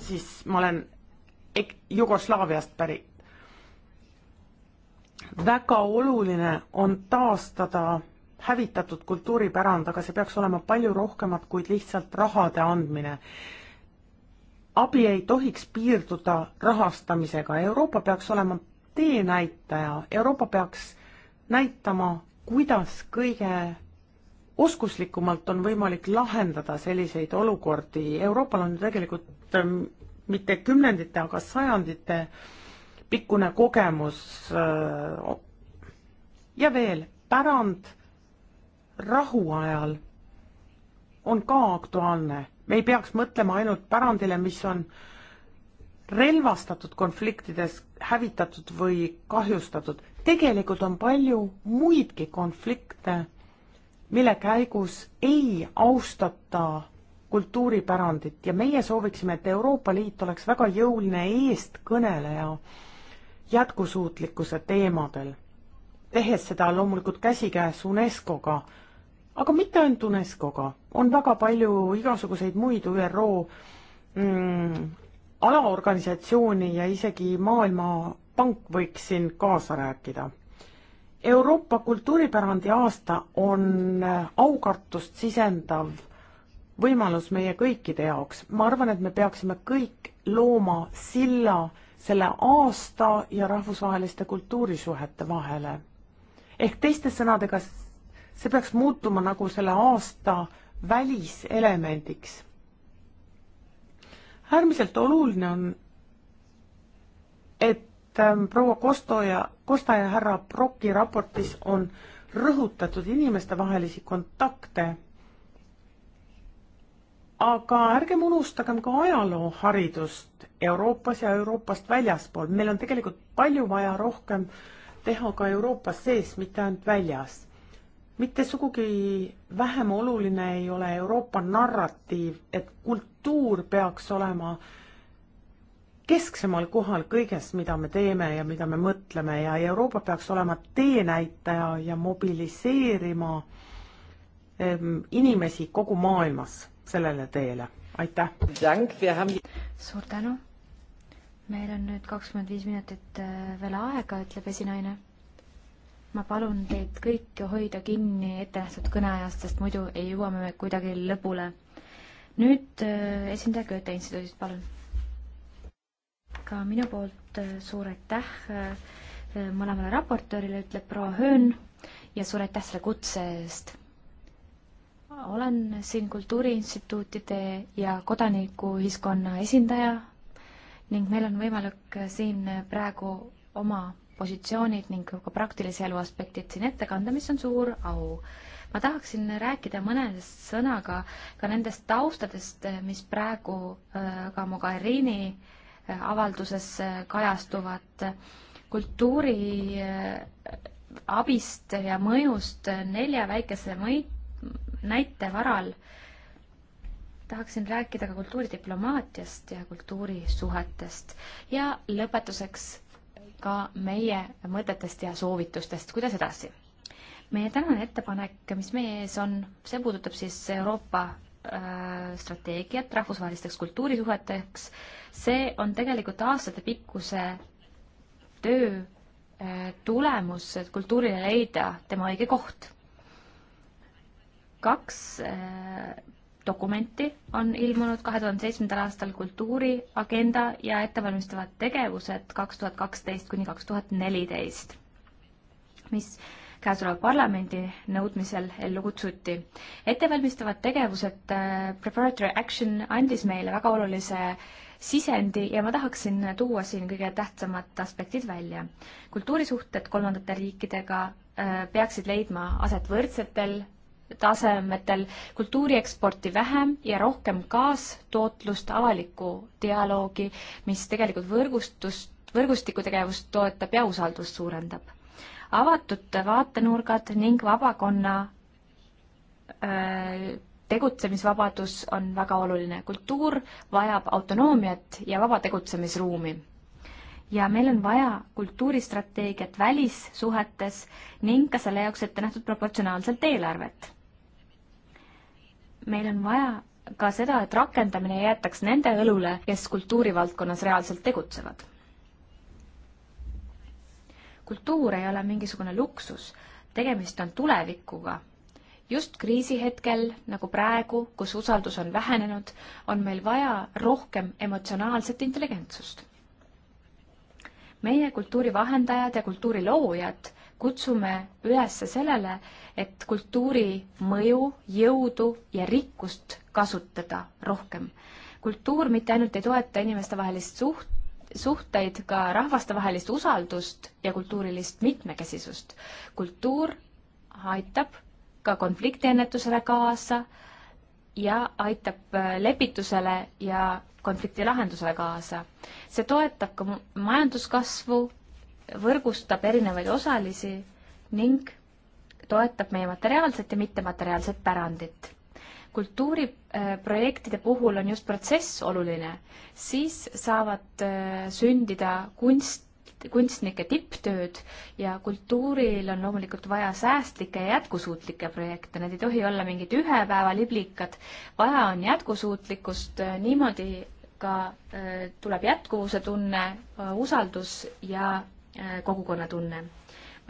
siis ma olen Jugoslaaviast pärit. väga oluline on taastada hävitatud kultuuripärand, aga see peaks olema palju rohkemat kui lihtsalt rahade andmine. abi ei tohiks piirduda rahastamisega, Euroopa peaks olema teenäitaja, Euroopa peaks näitama, kuidas kõige oskuslikumalt on võimalik lahendada selliseid olukordi. Euroopal on tegelikult ähm, mitte kümnendite, aga sajandite pikkune kogemus äh, ja veel pärand rahuajal on ka aktuaalne. me ei peaks mõtlema ainult pärandile, mis on relvastatud konfliktides hävitatud või kahjustatud. tegelikult on palju muidki konflikte mille käigus ei austata kultuuripärandit ja meie sooviksime, et Euroopa Liit oleks väga jõuline eestkõneleja jätkusuutlikkuse teemadel, tehes seda loomulikult käsikäes UNESCO-ga, aga mitte ainult UNESCO-ga, on väga palju igasuguseid muid ÜRO mm, alaorganisatsiooni ja isegi Maailmapank võiks siin kaasa rääkida Euroopa kultuuripärandi aasta on aukartust sisendav võimalus meie kõikide jaoks. ma arvan, et me peaksime kõik looma silla selle aasta ja rahvusvaheliste kultuurisuhete vahele. ehk teiste sõnadega, see peaks muutuma nagu selle aasta väliselemendiks. äärmiselt oluline on, et Ähm, proua Kosto ja, Kosta ja härra Proki raportis on rõhutatud inimestevahelisi kontakte. aga ärgem unustagem ka ajalooharidust Euroopas ja Euroopast väljaspool. meil on tegelikult palju vaja rohkem teha ka Euroopas sees, mitte ainult väljas. mitte sugugi vähem oluline ei ole Euroopa narratiiv, et kultuur peaks olema äh, kesksemal kohal kõiges, mida me teeme ja mida me mõtleme ja Euroopa peaks olema teenäitaja ja mobiliseerima ehm, inimesi kogu maailmas sellele teele. aitäh! suur tänu! meil on nüüd kakskümmend viis minutit äh, veel aega, ütleb esinaine. ma palun teid kõiki hoida kinni ettenähtud kõneajast, sest muidu ei jõua me kuidagi lõpule. nüüd äh, esindaja Goethe instituudist, palun ka minu poolt äh, suur aitäh äh, mõlemale raportöörile, ütleb proua Höön ja suur aitäh selle kutse eest. olen siin kultuuriinstituutide ja kodanikuühiskonna esindaja ning meil on võimalik siin praegu oma positsioonid ning ka praktilise elu aspektid siin ette kanda, mis on suur au. ma tahaksin rääkida mõne sõnaga ka nendest taustadest, mis praegu äh, ka Mogherini äh, avalduses kajastuvat kultuuri äh, abist ja mõjust nelja väikese mõi-, näite varal tahaksin rääkida ka kultuuridiplomaatiast ja kultuurisuhetest ja lõpetuseks ka meie mõtetest ja soovitustest, kuidas edasi. meie tänane ettepanek, mis meie ees on, see puudutab siis Euroopa Äh, strateegiat rahvusvahelisteks kultuurisuheteks. see on tegelikult aastatepikkuse töö äh, tulemus, et kultuurile leida tema õige koht. kaks äh, dokumenti on ilmunud kahe tuhande seitsmendal aastal kultuuriagenda ja ettevalmistavad tegevused kaks tuhat kaksteist kuni kaks tuhat neliteist, mis käesoleva parlamendi nõudmisel ellu kutsuti. ettevalmistavad tegevused, äh, preparatory action andis meile väga olulise sisendi ja ma tahaksin tuua siin kõige tähtsamad aspektid välja. kultuurisuhted kolmandate riikidega äh, peaksid leidma aset võrdsetel tasemetel, kultuuri eksporti vähem ja rohkem kaastootlust, avalikku dialoogi, mis tegelikult võrgustust, võrgustikutegevust toetab ja usaldust suurendab avatud vaatenurgad ning vabakonna äh, tegutsemisvabadus on väga oluline. kultuur vajab autonoomiat ja vaba tegutsemisruumi. ja meil on vaja kultuuristrateegiat välissuhetes ning ka selle jaoks ette nähtud proportsionaalselt eelarvet. meil on vaja ka seda, et rakendamine jäetaks nende õlule, kes kultuurivaldkonnas reaalselt tegutsevad kultuur ei ole mingisugune luksus, tegemist on tulevikuga. just kriisi hetkel, nagu praegu, kus usaldus on vähenenud, on meil vaja rohkem emotsionaalset intelligentsust. meie kultuurivahendajad ja kultuuriloojad kutsume üles sellele, et kultuuri mõju, jõudu ja rikkust kasutada rohkem. kultuur mitte ainult ei toeta inimestevahelist suht-, suhteid, ka rahvastevahelist usaldust ja kultuurilist mitmekesisust. kultuur aitab ka konfliktiennetusele kaasa ja aitab äh, lepitusele ja konflikti lahendusele kaasa. see toetab ka majanduskasvu, võrgustab erinevaid osalisi ning toetab meie materiaalset ja mittemateriaalset pärandit kultuuriprojektide puhul on just protsess oluline, siis saavad äh, sündida kunst, kunstnike tipptööd ja kultuuril on loomulikult vaja säästlikke ja jätkusuutlikke projekte, need ei tohi olla mingid ühepäevaliblikad, vaja on jätkusuutlikkust, äh, niimoodi ka äh, tuleb jätkuvuse tunne, usaldus ja kogukonnatunne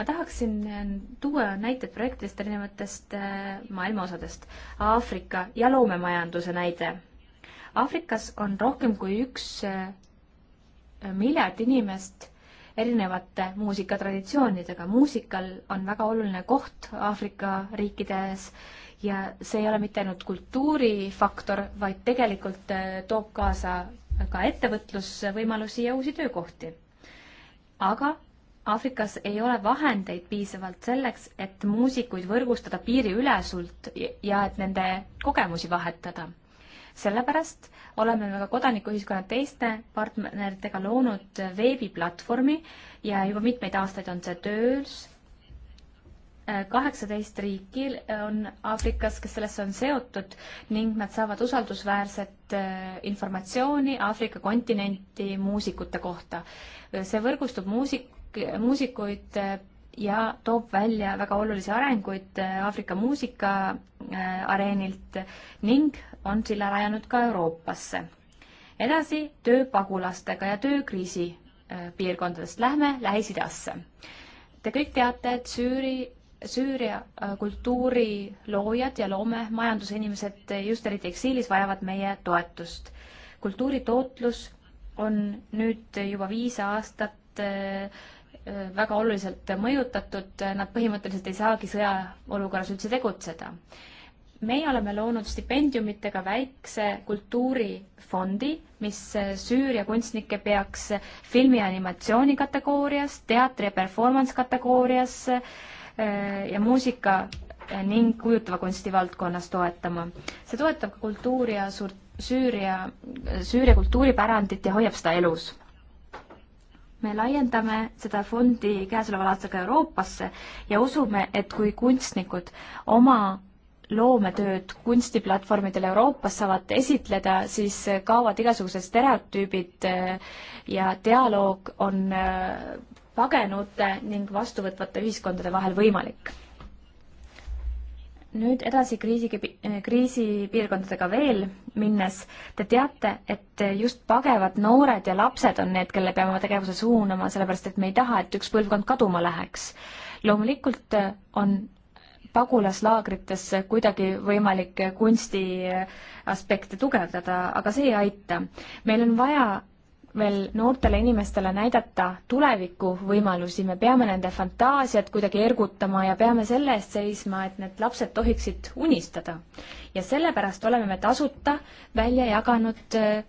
ma tahaksin ähm, tuua näiteid projektidest erinevatest äh, maailma osadest. Aafrika ja loomemajanduse näide. Aafrikas on rohkem kui üks äh, miljard inimest erinevate muusikatraditsioonidega. muusikal on väga oluline koht Aafrika riikides ja see ei ole mitte ainult kultuurifaktor, vaid tegelikult äh, toob kaasa ka ettevõtlusvõimalusi ja uusi töökohti. aga Aafrikas ei ole vahendeid piisavalt selleks, et muusikuid võrgustada piiriülesult ja et nende kogemusi vahetada. sellepärast oleme me ka kodanikuühiskonna teiste partneritega loonud veebiplatvormi ja juba mitmeid aastaid on see töös. Äh, kaheksateist riiki on Aafrikas, kes sellesse on seotud ning nad saavad usaldusväärset äh, informatsiooni Aafrika kontinenti muusikute kohta. Äh, see võrgustub muusik-, muusik, muusikuid äh, ja toob välja väga olulisi arenguid äh, Aafrika muusika äh, areenilt ning on silla rajanud ka Euroopasse. edasi töö pagulastega ja töökriisi piirkondadest lähme Lähis-Idasse. Te kõik teate, et Süüri Süüria kultuuriloojad ja loomemajanduse inimesed just eriti eksiilis vajavad meie toetust. kultuuritootlus on nüüd juba viis aastat Äh, väga oluliselt mõjutatud, äh, nad põhimõtteliselt ei saagi sõjaolukorras üldse tegutseda. meie oleme loonud stipendiumitega väikse kultuurifondi, mis äh, Süüria kunstnikke peaks filmi ja animatsiooni kategoorias, teatri ja performance kategoorias ja muusika ning kujutava kunsti valdkonnas toetama. see toetab ka kultuuri ja suurt Süüria, Süüria kultuuripärandit ja hoiab seda elus me laiendame seda fondi käesoleval aastal ka Euroopasse ja usume, et kui kunstnikud oma loometööd kunstiplatvormidel Euroopas saavad esitleda, siis kaovad igasugused stereotüübid eh, ja dialoog on eh, pagenute ning vastuvõtvate ühiskondade vahel võimalik nüüd edasi kriisi, äh, kriisipiirkondadega veel minnes, te teate, et just pagevad noored ja lapsed on need, kelle peame oma tegevuse suunama, sellepärast et me ei taha, et üks põlvkond kaduma läheks. loomulikult äh, on pagulaslaagrites kuidagi võimalik kunsti äh, aspekte tugevdada, aga see ei aita. meil on vaja veel noortele inimestele näidata tulevikuvõimalusi, me peame nende fantaasiat kuidagi ergutama ja peame selle eest seisma, et need lapsed tohiksid unistada. ja sellepärast oleme me tasuta välja jaganud äh,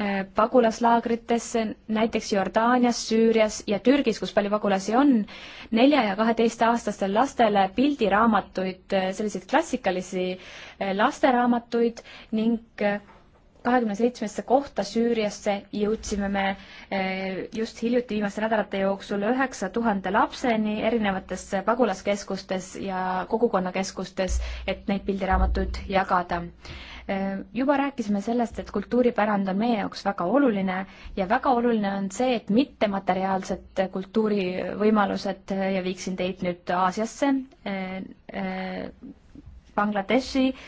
äh, pagulaslaagritesse, näiteks Jordaanias, Süürias ja Türgis, kus palju pagulasi on, nelja ja kaheteistaastastel lastele pildiraamatuid, äh, selliseid klassikalisi lasteraamatuid ning kahekümne seitsmesse kohta Süüriasse jõudsime me eh, just hiljuti viimaste nädalate jooksul üheksa tuhande lapseni erinevates pagulaskeskustes ja kogukonnakeskustes, et neid pildiraamatuid jagada. Eh, juba rääkisime sellest, et kultuuripärand on meie jaoks väga oluline ja väga oluline on see, et mittemateriaalsed kultuurivõimalused eh, ja viiksin teid nüüd Aasiasse, Bangladeshi äh, äh,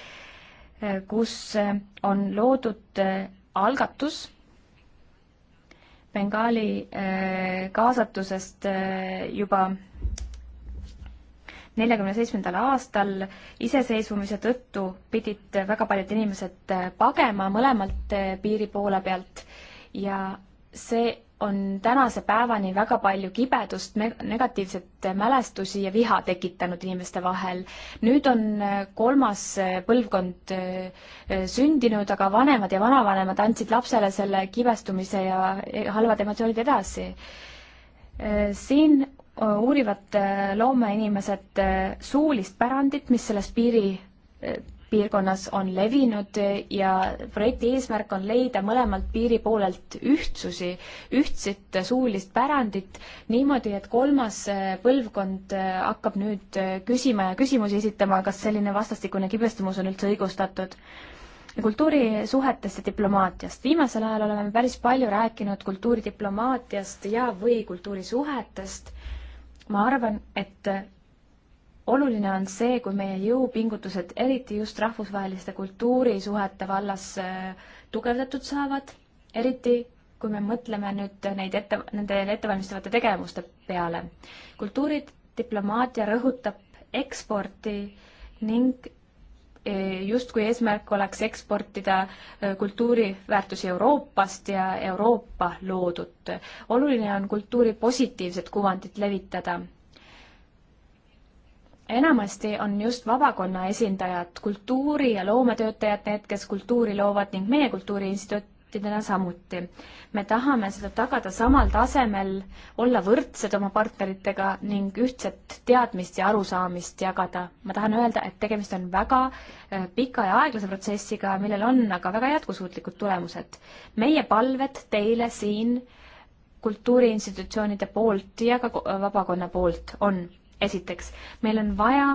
kus eh, on loodud eh, algatus Bengaali eh, kaasatusest juba neljakümne seitsmendal aastal iseseisvumise tõttu pidid väga paljud inimesed pagema mõlemalt piiri poole pealt ja see on tänase päevani väga palju kibedust, negatiivset mälestusi ja viha tekitanud inimeste vahel. nüüd on äh, kolmas äh, põlvkond äh, sündinud, aga vanemad ja vanavanemad andsid lapsele selle kibestumise ja halvad emotsioonid edasi. siin uurivad loomeinimesed suulist pärandit, mis sellest piiri piirkonnas on levinud ja projekti eesmärk on leida mõlemalt piiri poolelt ühtsusi, ühtset suulist pärandit, niimoodi, et kolmas äh, põlvkond äh, hakkab nüüd äh, küsima ja küsimusi esitama, kas selline vastastikune kibestumus on üldse õigustatud kultuurisuhetest ja diplomaatiast. viimasel ajal oleme päris palju rääkinud kultuuridiplomaatiast ja või kultuurisuhetest. ma arvan, et oluline on see, kui meie jõupingutused, eriti just rahvusvaheliste kultuurisuhete vallas äh, tugevdatud saavad, eriti kui me mõtleme nüüd neid ette, nende ettevalmistavate tegevuste peale. kultuuridiplomaatia rõhutab eksporti ning e, justkui eesmärk oleks eksportida e, kultuuriväärtusi Euroopast ja Euroopa loodut. oluline on kultuuri positiivset kuvandit levitada enamasti on just vabakonna esindajad, kultuuri- ja loometöötajad need, kes kultuuri loovad ning meie kultuuriinstituutidena samuti. me tahame seda tagada samal tasemel, olla võrdsed oma partneritega ning ühtset teadmist ja arusaamist jagada. ma tahan öelda, et tegemist on väga äh, pika ja aeglase protsessiga, millel on aga väga jätkusuutlikud tulemused. meie palved teile siin kultuuriinstitutsioonide poolt ja ka vabakonna poolt on esiteks, meil on vaja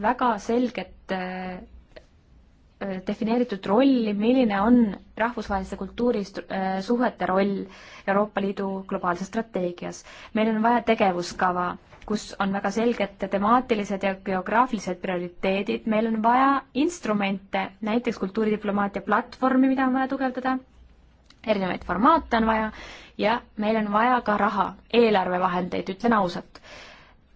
väga selget äh, äh, defineeritud rolli, milline on rahvusvahelise kultuuri äh, suhete roll Euroopa Liidu globaalses strateegias. meil on vaja tegevuskava, kus on väga selged temaatilised ja geograafilised prioriteedid, meil on vaja instrumente, näiteks kultuuridiplomaatia platvormi, mida on vaja tugevdada, erinevaid formaate on vaja ja meil on vaja ka raha, eelarvevahendeid, ütlen ausalt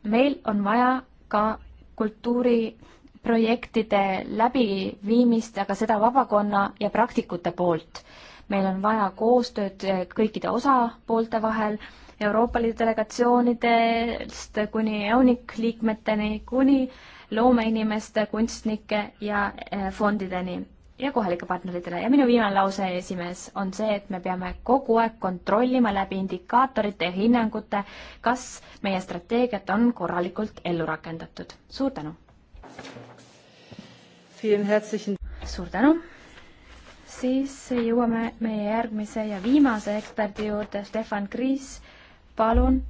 meil on vaja ka kultuuriprojektide läbiviimist, aga seda vabakonna ja praktikute poolt. meil on vaja koostööd kõikide osapoolte vahel, Euroopa Liidu delegatsioonidest kuni EUNIC liikmeteni, kuni loomeinimeste, kunstnike ja eh, fondideni ja kohalike partneritele ja minu viimane lause, esimees, on see, et me peame kogu aeg kontrollima läbi indikaatorite ja hinnangute, kas meie strateegiat on korralikult ellu rakendatud. suur tänu! suur tänu! siis jõuame meie järgmise ja viimase eksperdi juurde, Stefan Kriis, palun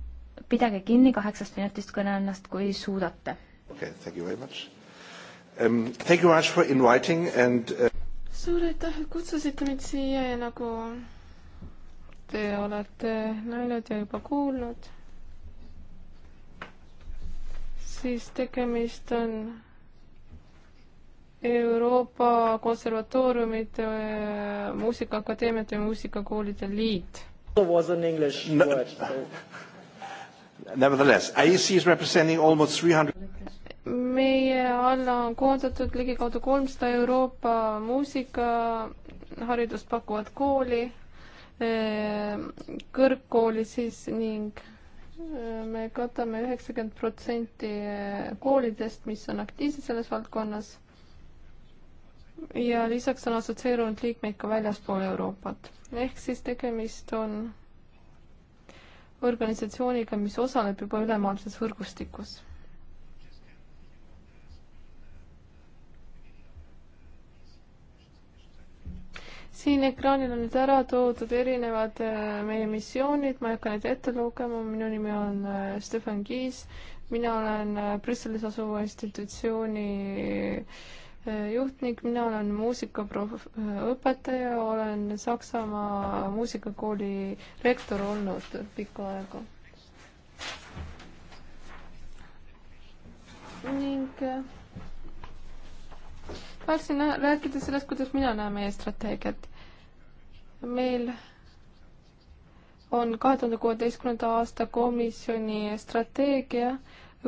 pidage kinni kaheksast minutist kõneannast, kui suudate. okei okay,, thank you very much um,. Thank you very much for inviting and uh suur aitäh, et kutsusite mind siia ja nagu te olete näinud ja juba kuulnud, siis tegemist on Euroopa Konservatooriumite äh, Muusikaakadeemiate ja Muusikakoolide Liit. Was an English word. Nevertheless, IEC is representing almost 300 meie alla on koondatud ligikaudu kolmsada Euroopa muusikaharidust pakuvat kooli, eh, kõrgkooli siis ning eh, me katame üheksakümmend protsenti eh, koolidest, mis on aktiivsed selles valdkonnas. ja lisaks on assotsieerunud liikmeid ka väljaspool Euroopat, ehk siis tegemist on organisatsiooniga, mis osaleb juba ülemaailmses võrgustikus siin ekraanil on nüüd ära toodud erinevad äh, meie missioonid, ma ei hakka neid ette lugema, minu nimi on äh, Stefan Kiis, mina olen äh, Brüsselis asuva institutsiooni juhtnik, mina olen muusikaprof-, õpetaja, olen Saksamaa muusikakooli rektor olnud pikka aega. ning tahtsin rääkida sellest, kuidas mina näen meie strateegiat meil on kahe tuhande kuueteistkümnenda aasta komisjoni strateegia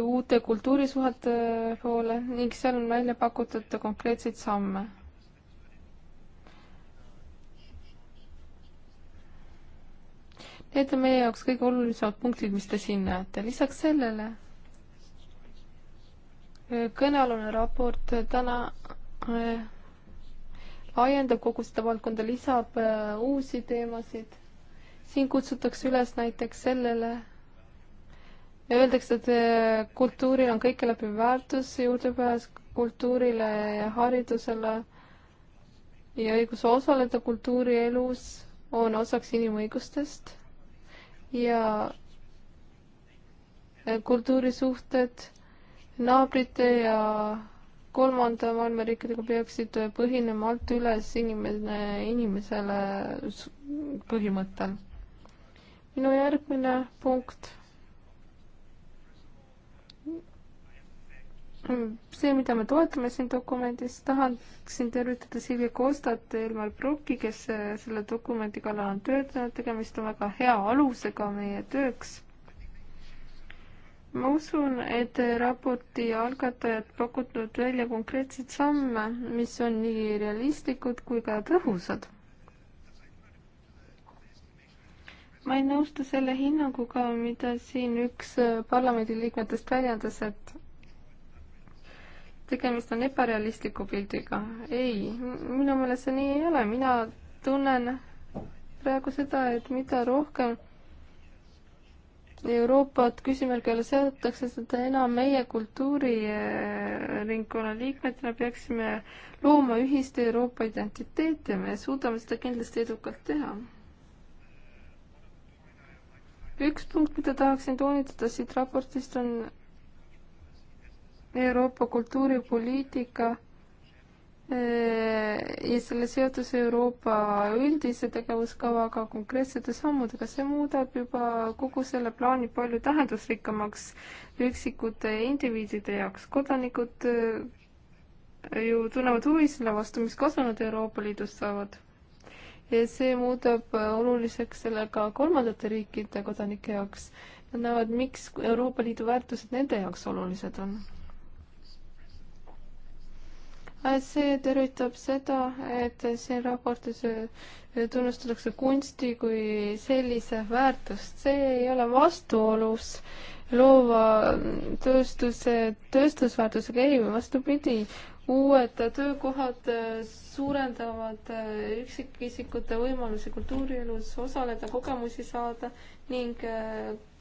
uute kultuurisuhete poole ning seal on välja pakutud konkreetseid samme. Need on meie jaoks kõige olulisemad punktid, mis te siin näete. lisaks sellele kõnealune raport täna ajendab kogu seda valdkonda, lisab äh, uusi teemasid. siin kutsutakse üles näiteks sellele, öeldakse, et äh, kultuuril on kõike läbi väärtus, juurdepääs kultuurile ja haridusele ja õigus osaleda kultuurielus on osaks inimõigustest ja äh, kultuurisuhted naabrite ja kolmanda maailma riikidega peaksid põhinema alt üles inimene inimesele põhimõttel. minu järgmine punkt. see, mida me toetame siin dokumendis, tahaksin tervitada Silvia Kostat ja Elmar Brocki, kes selle dokumendi kallal on töötanud, tegemist on väga hea alusega meie tööks ma usun, et raporti algatajad pakutud välja konkreetseid samme, mis on nii realistlikud kui ka tõhusad. ma ei nõustu selle hinnanguga, mida siin üks parlamendiliikmetest väljendas, et tegemist on ebarealistliku pildiga. ei, minu meelest see nii ei ole, mina tunnen praegu seda, et mida rohkem Euroopat küsimärgi alla seatakse, seda enam meie kultuuriringkonna eh, liikmetena peaksime looma ühist Euroopa identiteeti ja me suudame seda kindlasti edukalt teha. üks punkt, mida tahaksin toonitada siit raportist, on Euroopa kultuuripoliitika Äh, ja selle seotus Euroopa üldise tegevuskavaga konkreetsete sammudega, see muudab juba kogu selle plaani palju tähendusrikkamaks üksikute indiviidide jaoks. kodanikud äh, ju tunnevad huvi selle vastu, mis kasvanud Euroopa Liidust saavad. ja see muudab äh, oluliseks selle ka kolmandate riikide kodanike jaoks. Nad näevad, miks Euroopa Liidu väärtused nende jaoks olulised on see tervitab seda, et siin raportis äh, tunnustatakse kunsti kui sellise väärtust, see ei ole vastuolus loova tööstuse, tööstusväärtusega, ei, vastupidi, uued töökohad äh, suurendavad äh, üksikisikute võimalusi kultuurielus osaleda, kogemusi saada ning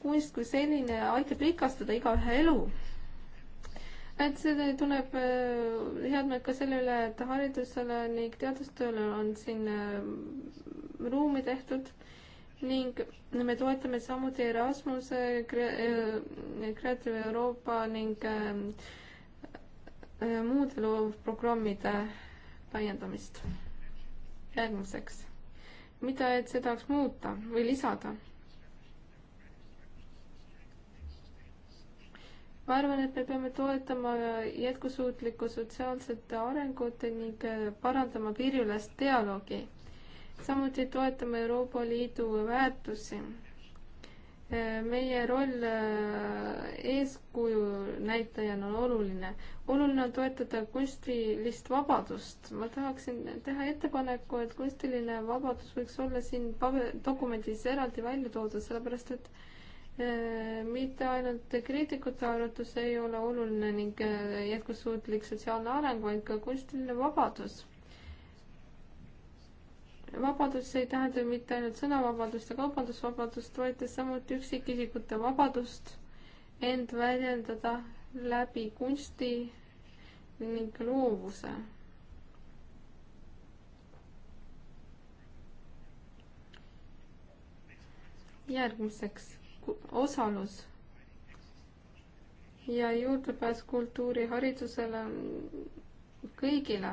kunst kui selline aitab rikastada igaühe elu et see tunneb äh, head meelt ka selle üle, et haridusele ning teadustööle on siin äh, ruumi tehtud ning me toetame samuti Erasmuse, äh, Creative Euroopa ning muude loovprogrammide laiendamist. järgmiseks, mida ETC tahaks muuta või lisada? ma arvan, et me peame toetama jätkusuutlikku sotsiaalset arengut ning parandama piiriülest dialoogi. samuti toetame Euroopa Liidu väärtusi. meie roll äh, eeskuju näitajana on oluline. oluline on toetada kunstilist vabadust. ma tahaksin teha ettepaneku, et kunstiline vabadus võiks olla siin dokumendis eraldi välja toodud, sellepärast et äh, Äh, mitte ainult kriitikute arvates ei ole oluline ning äh, jätkusuutlik sotsiaalne areng, vaid ka kunstiline vabadus. vabadus ei tähenda mitte ainult sõnavabadust ja kaubandusvabadust, vaid samuti üksikisikute vabadust end väljendada läbi kunsti ning loovuse järgmiseks osalus ja juurdepääs kultuuriharidusele kõigile.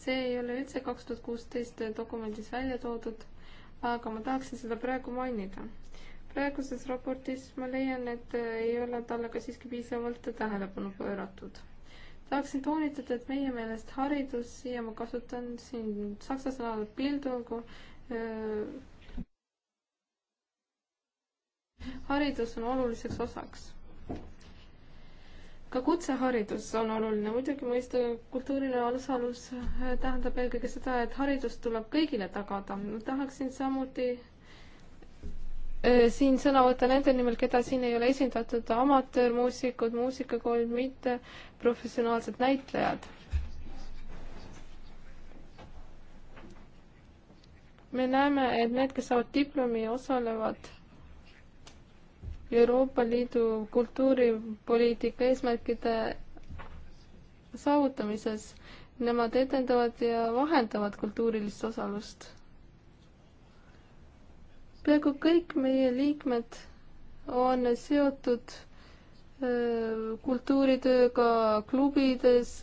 see ei ole üldse kaks tuhat kuusteist dokumendis välja toodud, aga ma tahaksin seda praegu mainida. praeguses raportis ma leian, et ei ole talle ka siiski piisavalt tähelepanu pööratud. tahaksin toonitada, et meie meelest haridus ja ma kasutan siin saksa sõna, haridus on oluliseks osaks. ka kutseharidus on oluline, muidugi mõista kultuuriline osalus äh, tähendab eelkõige seda, et haridus tuleb kõigile tagada. tahaksin samuti äh, siin sõna võtta nende nimel, keda siin ei ole esindatud, amatöörmuusikud, muusikakool, mitte professionaalsed näitlejad. me näeme, et need, kes saavad diplomi, osalevad Euroopa Liidu kultuuripoliitika eesmärkide saavutamises. Nemad edendavad ja vahendavad kultuurilist osalust. peaaegu kõik meie liikmed on seotud kultuuritööga klubides,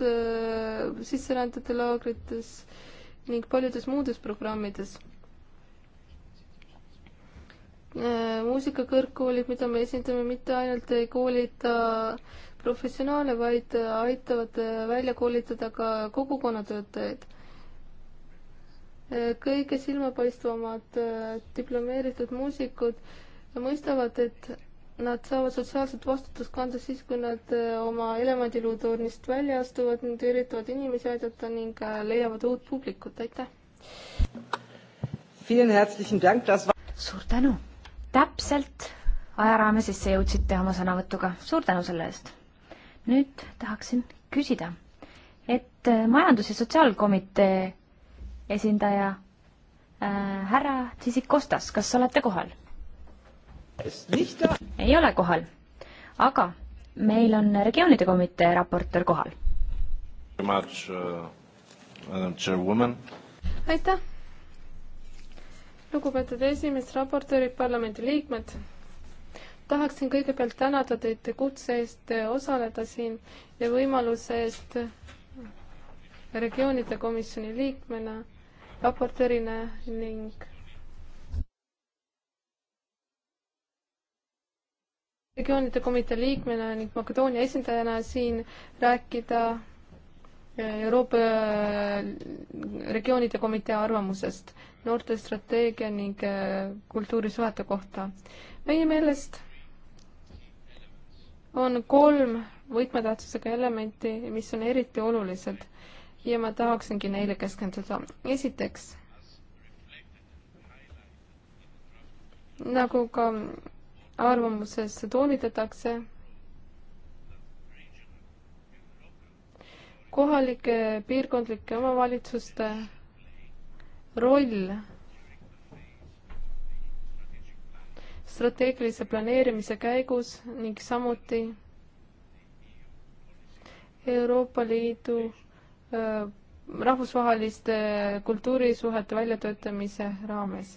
sisserändajate laagrites ning paljudes muudes programmides Äh, muusikakõrgkoolid, mida me esindame, mitte ainult ei koolita professionaale, vaid äh, aitavad äh, välja koolitada ka kogukonnatöötajaid. kõige silmapaistvamad diplomeeritud muusikud mõistavad, et nad saavad sotsiaalset vastutust kanda siis, kui nad oma elevandiluutornist välja astuvad, nad üritavad inimesi aidata ning leiavad uut publikut, aitäh! suur tänu! täpselt ajaraame sisse jõudsite oma sõnavõtuga, suur tänu selle eest. nüüd tahaksin küsida, et äh, majandus- ja sotsiaalkomitee esindaja äh, härra Tsisikostas, kas olete kohal? ei ole kohal, aga meil on regioonide komitee raportöör kohal. Uh, aitäh lugupeetud esimees, raportöörid, parlamendi liikmed. tahaksin kõigepealt tänada teid kutse eest osaleda siin ja võimaluse eest regioonide komisjoni liikmena, raportöörina ning regioonide komitee liikmena ning Makedoonia esindajana siin rääkida Euroopa regioonide komitee arvamusest noorte strateegia ning äh, kultuurisuhete kohta. meie meelest on kolm võtmetähtsusega elementi, mis on eriti olulised ja ma tahaksingi neile keskenduda. esiteks, nagu ka arvamuses toonitatakse, kohalike piirkondlike omavalitsuste roll strateegilise planeerimise käigus ning samuti Euroopa Liidu rahvusvaheliste kultuurisuhete väljatöötamise raames.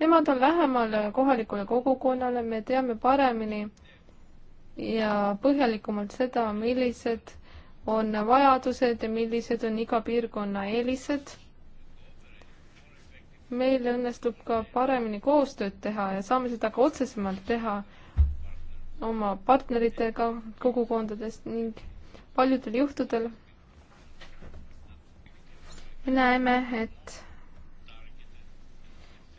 Nemad on lähemal kohalikule kogukonnale, me teame paremini ja põhjalikumalt seda, millised on vajadused ja millised on iga piirkonna eelised. meil õnnestub ka paremini koostööd teha ja saame seda ka otsesemalt teha oma partneritega kogukondadest ning paljudel juhtudel me näeme, et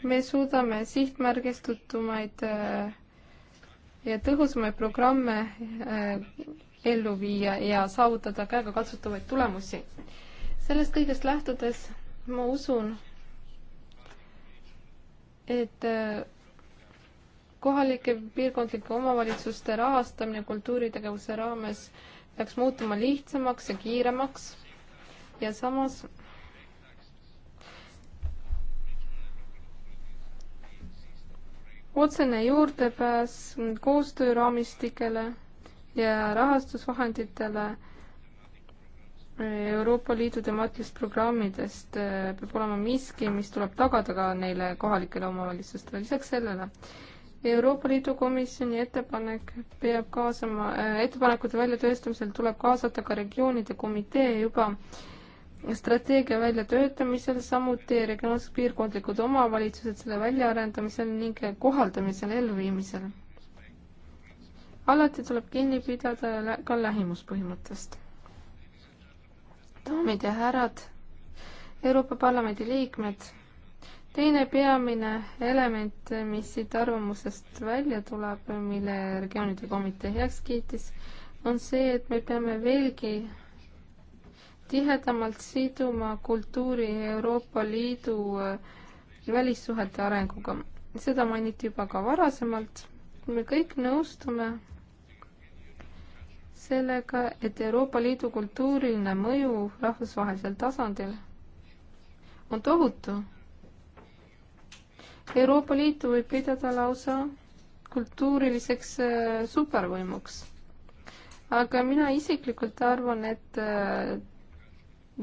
me suudame sihtmärgistutumaid äh, ja tõhusamaid programme äh, ellu viia ja saavutada käegakatsutavaid tulemusi. sellest kõigest lähtudes ma usun, et äh, kohalike piirkondlike omavalitsuste rahastamine kultuuritegevuse raames peaks muutuma lihtsamaks ja kiiremaks ja samas otsene juurdepääs koostööraamistikele ja rahastusvahenditele Euroopa Liidu temaatilist programmidest äh, peab olema miski, mis tuleb tagada ka neile kohalikele omavalitsustele, lisaks sellele Euroopa Liidu komisjoni ettepanek peab kaasama, äh, ettepanekute väljatöötamisel tuleb kaasata ka regioonide komitee juba strateegia väljatöötamisel, samuti regionaalsed piirkondlikud omavalitsused selle väljaarendamisel ning kohaldamisel, elluviimisel alati tuleb kinni pidada ka lähimuspõhimõttest. daamid ja härrad, Euroopa Parlamendi liikmed, teine peamine element, mis siit arvamusest välja tuleb, mille regioonide komitee heaks kiitis, on see, et me peame veelgi tihedamalt siduma kultuuri Euroopa Liidu äh, välissuhete arenguga. seda mainiti juba ka varasemalt. me kõik nõustume sellega, et Euroopa Liidu kultuuriline mõju rahvusvahelisel tasandil on tohutu. Euroopa Liitu võib pidada lausa kultuuriliseks äh, supervõimuks. aga mina isiklikult arvan, et äh,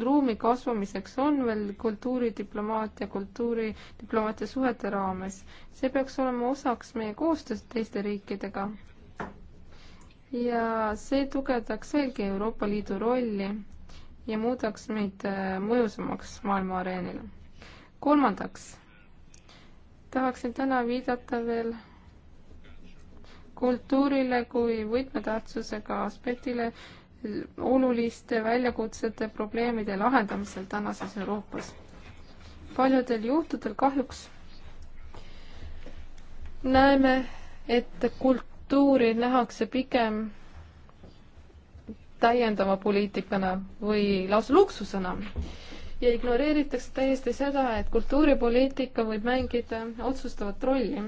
ruumi kasvamiseks on veel kultuuridiplomaatia, kultuuridiplomaatia suhete raames. see peaks olema osaks meie koostööst teiste riikidega ja see tugevdaks veelgi Euroopa Liidu rolli ja muudaks meid äh, mõjusamaks maailma areenil. kolmandaks tahaksin täna viidata veel kultuurile kui võtmetähtsusega aspektile oluliste väljakutsete probleemide lahendamisel tänases Euroopas. paljudel juhtudel kahjuks näeme, et kult-, kultuuri nähakse pigem täiendava poliitikana või lausa luksusena ja ignoreeritakse täiesti seda, et kultuuripoliitika võib mängida otsustavat rolli.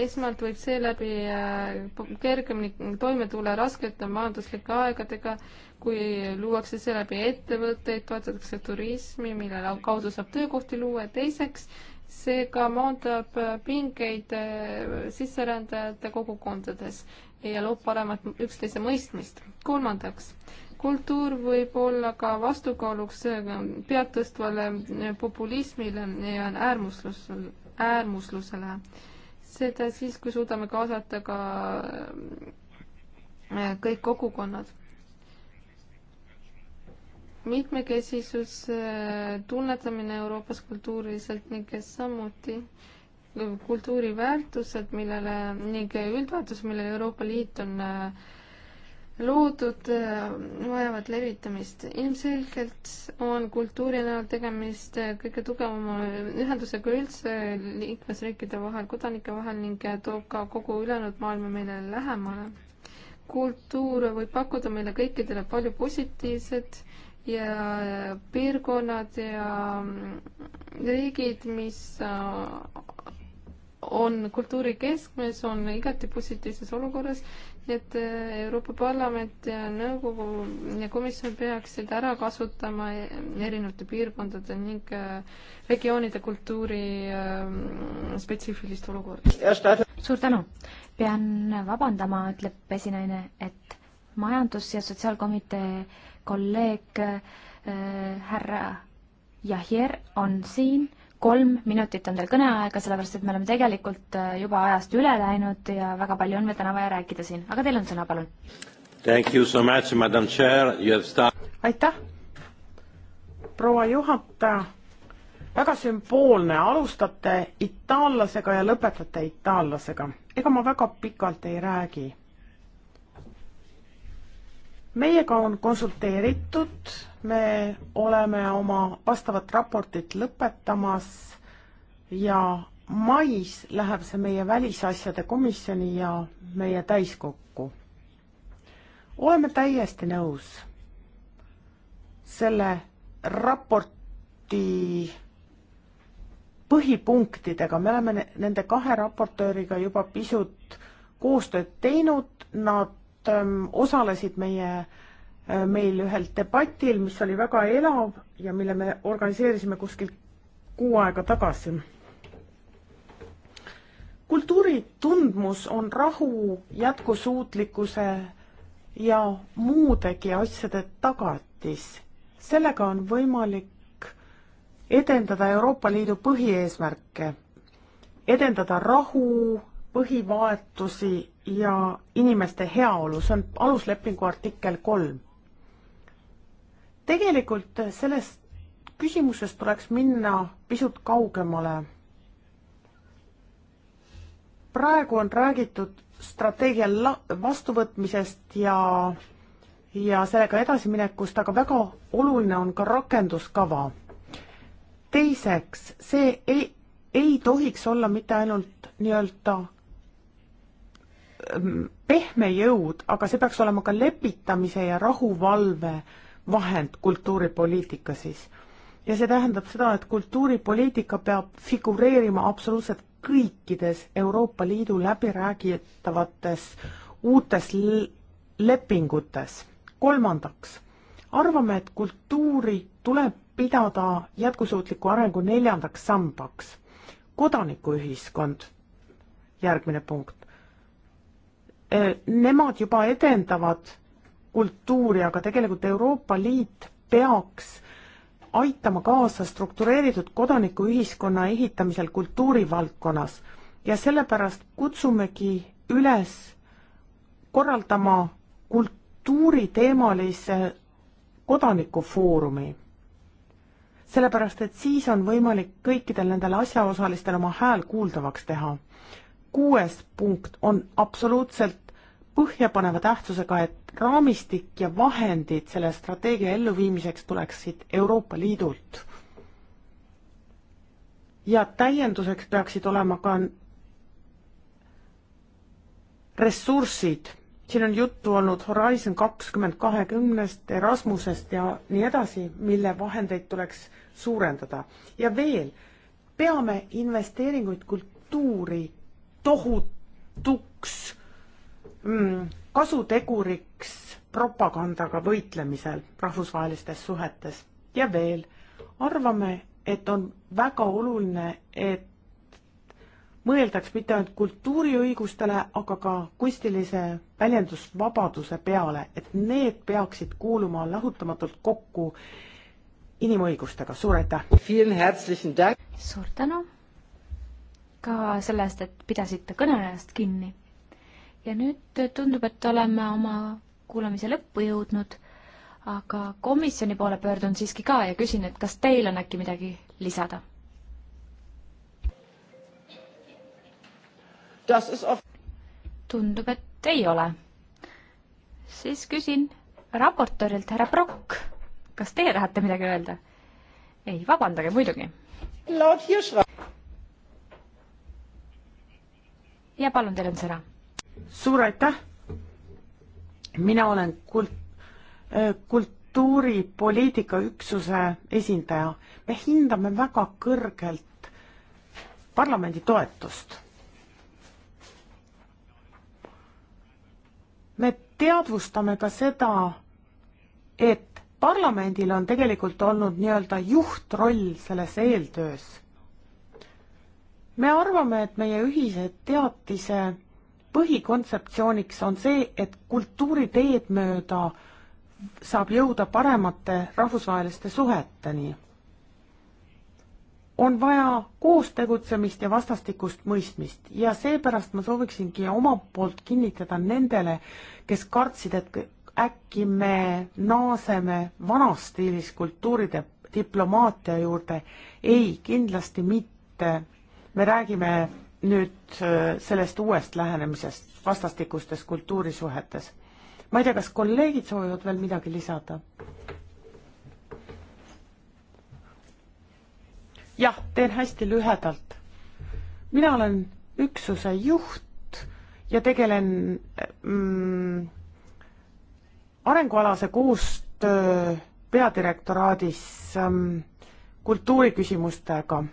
esmalt võib seeläbi äh, kergemini toime tulla raskete majanduslike aegadega, kui luuakse seeläbi ettevõtteid, toetatakse turismi, mille kaudu saab töökohti luua ja teiseks seega maandab äh, pingeid äh, sisserändajate kogukondades ja loob paremat üksteise mõistmist. kolmandaks, kultuur võib olla ka vastukaaluks äh, pead tõstvale populismile ja äärmuslusele, äärmuslusele. seda siis, kui suudame kaasata ka kõik kogukonnad mitmekesisuse äh, tunnetamine Euroopas kultuuriliselt ning samuti äh, kultuuriväärtused, millele ning üldväärtus, millele Euroopa Liit on äh, loodud, vajavad levitamist. ilmselgelt on kultuuri näol tegemist kõige tugevama ühendusega üldse liikmesriikide vahel, kodanike vahel ning toob ka kogu ülejäänud maailma meile lähemale. kultuur võib pakkuda meile kõikidele palju positiivset ja piirkonnad ja riigid, mis äh, on kultuuri keskmes, on igati positiivses olukorras, nii et äh, Euroopa Parlament ja nõukogu ja komisjon peaksid ära kasutama erinevate piirkondade ning äh, regioonide kultuuri spetsiifilist olukorda. suur tänu! pean vabandama, ütleb esinaine, et majandus- ja sotsiaalkomitee kolleeg äh, härra Jahir on siin, kolm minutit on teil kõneaega, sellepärast et me oleme tegelikult äh, juba ajast üle läinud ja väga palju on veel täna vaja rääkida siin, aga teil on sõna, palun. aitäh, proua juhataja väga sümboolne, alustate itaallasega ja lõpetate itaallasega. ega ma väga pikalt ei räägi meiega on konsulteeritud, me oleme oma vastavat raportit lõpetamas ja mais läheb see meie välisasjade komisjoni ja meie täiskokku. oleme täiesti nõus selle raporti põhipunktidega, me oleme nende kahe raportööriga juba pisut koostööd teinud, nad Ähm, osalesid meie, äh, meil ühel debatil, mis oli väga elav ja mille me organiseerisime kuskil kuu aega tagasi. kultuuri tundmus on rahu, jätkusuutlikkuse ja muudegi asjade tagatis. sellega on võimalik edendada Euroopa Liidu põhieesmärke, edendada rahu, põhivaetusi ja inimeste heaolu, see on aluslepingu artikkel kolm. tegelikult sellest küsimusest tuleks minna pisut kaugemale. praegu on räägitud strateegia vastuvõtmisest ja, ja sellega edasiminekust, aga väga oluline on ka rakenduskava. teiseks, see ei, ei tohiks olla mitte ainult nii-öelda pehme jõud, aga see peaks olema ka lepitamise ja rahuvalve vahend kultuuripoliitika siis. ja see tähendab seda, et kultuuripoliitika peab figureerima absoluutselt kõikides Euroopa Liidu läbiräägitavates uutes lepingutes. kolmandaks, arvame, et kultuuri tuleb pidada jätkusuutliku arengu neljandaks sambaks. kodanikuühiskond, järgmine punkt nemad juba edendavad kultuuri, aga tegelikult Euroopa Liit peaks aitama kaasa struktureeritud kodanikuühiskonna ehitamisel kultuurivaldkonnas ja sellepärast kutsumegi üles korraldama kultuuriteemalise kodanikufoorumi. sellepärast, et siis on võimalik kõikidel nendel asjaosalistel oma hääl kuuldavaks teha kuues punkt on absoluutselt põhjapaneva tähtsusega, et raamistik ja vahendid selle strateegia elluviimiseks tuleksid Euroopa Liidult. ja täienduseks peaksid olema ka ressursid, siin on juttu olnud Horizon kakskümmend kahekümnest, Erasmusest ja nii edasi, mille vahendeid tuleks suurendada. ja veel, peame investeeringuid kultuuri tohutuks mm, kasuteguriks propagandaga võitlemisel rahvusvahelistes suhetes. ja veel, arvame, et on väga oluline, et mõeldaks mitte ainult kultuuriõigustele, aga ka kunstilise väljendusvabaduse peale, et need peaksid kuuluma lahutamatult kokku inimõigustega. suur aitäh! suur tänu! ka selle eest, et pidasite kõneajast kinni. ja nüüd tundub, et oleme oma kuulamise lõppu jõudnud, aga komisjoni poole pöördun siiski ka ja küsin, et kas teil on äkki midagi lisada? tundub, et ei ole. siis küsin raportöörilt, härra Prokk, kas teie tahate midagi öelda? ei, vabandage muidugi. laud Hirschra ja palun, teil on sõna. suur aitäh! mina olen kult-, äh, kultuuripoliitika üksuse esindaja. me hindame väga kõrgelt parlamendi toetust. me teadvustame ka seda, et parlamendil on tegelikult olnud nii-öelda juhtroll selles eeltöös me arvame, et meie ühise teatise põhikontseptsiooniks on see, et kultuuri teed mööda saab jõuda paremate rahvusvaheliste suheteni. on vaja koos tegutsemist ja vastastikust mõistmist ja seepärast ma sooviksingi omalt poolt kinnitada nendele, kes kartsid, et äkki me naaseme vanas stiilis kultuuride diplomaatia juurde. ei, kindlasti mitte me räägime nüüd äh, sellest uuest lähenemisest vastastikustes kultuurisuhetes. ma ei tea, kas kolleegid soovivad veel midagi lisada? jah, teen hästi lühedalt. mina olen üksuse juht ja tegelen mm, arengualase koostöö peadirektoraadis mm, kultuuriküsimustega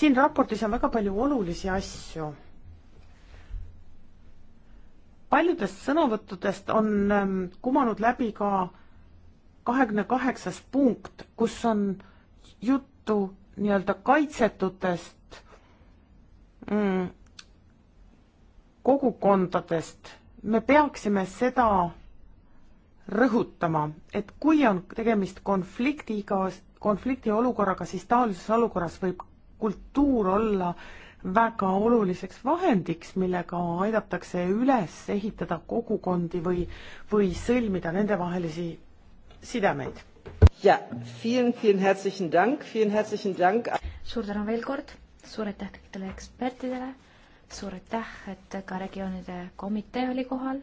siin raportis on väga palju olulisi asju. paljudest sõnavõttudest on ähm, kumanud läbi ka kahekümne kaheksas punkt, kus on juttu nii-öelda kaitsetutest mm, kogukondadest, me peaksime seda rõhutama, et kui on tegemist konfliktiga, konfliktiolukorraga, siis taolises olukorras võib kultuur olla väga oluliseks vahendiks, millega aidatakse üles ehitada kogukondi või, või sõlmida nendevahelisi sidemeid. ja, suur tänu veel kord, suur aitäh kõikidele ekspertidele, suur aitäh, et ka regioonide komitee oli kohal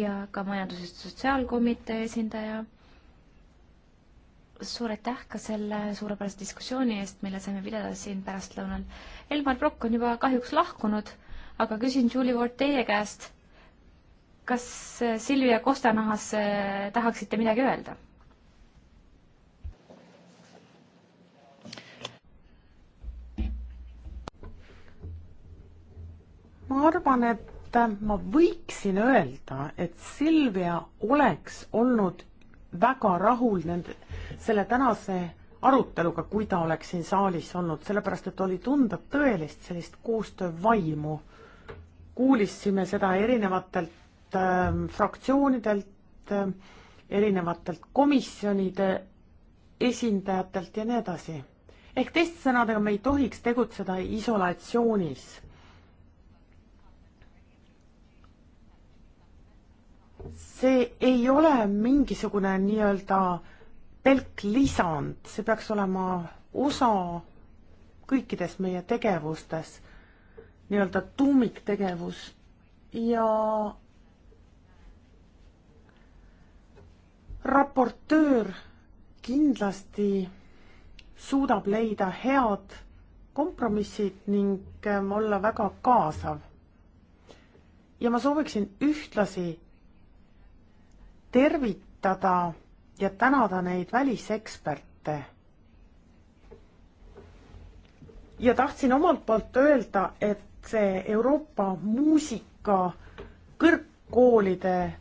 ja ka majandus- ja sotsiaalkomitee esindaja suur aitäh ka selle suurepärase diskussiooni eest, mille saime pidada siin pärastlõunal. Elmar Brokk on juba kahjuks lahkunud, aga küsin, Julie Ward, teie käest, kas äh, Silvia Kostanahas äh, tahaksite midagi öelda? ma arvan, et ma võiksin öelda, et Silvia oleks olnud väga rahul nende, selle tänase aruteluga, kui ta oleks siin saalis olnud, sellepärast et oli tunda tõelist sellist koostöövaimu. kuulisime seda erinevatelt äh, fraktsioonidelt äh,, erinevatelt komisjonide esindajatelt ja nii edasi. ehk teiste sõnadega, me ei tohiks tegutseda isolatsioonis see ei ole mingisugune nii-öelda pelk lisand, see peaks olema osa kõikides meie tegevustes, nii-öelda tuumiktegevus ja raportöör kindlasti suudab leida head kompromissid ning olla väga kaasav. ja ma sooviksin ühtlasi tervitada ja tänada neid väliseksperte. ja tahtsin omalt poolt öelda, et see Euroopa Muusika Kõrgkoolide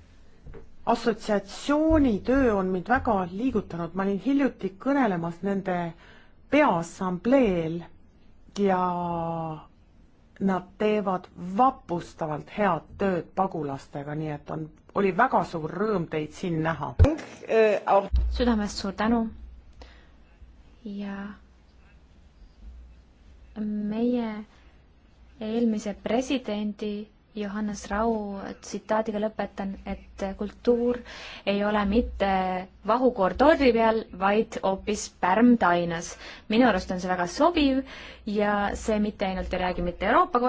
assotsiatsiooni töö on mind väga liigutanud, ma olin hiljuti kõnelemas nende peaassambleel ja nad teevad vapustavalt head tööd pagulastega, nii et on oli väga suur rõõm teid siin näha. südamest suur tänu ja meie eelmise presidendi Johannes Rau tsitaadiga lõpetan, et kultuur ei ole mitte vahukoor torri peal, vaid hoopis pärm tainas. minu arust on see väga sobiv ja see mitte ainult ei räägi mitte Euroopa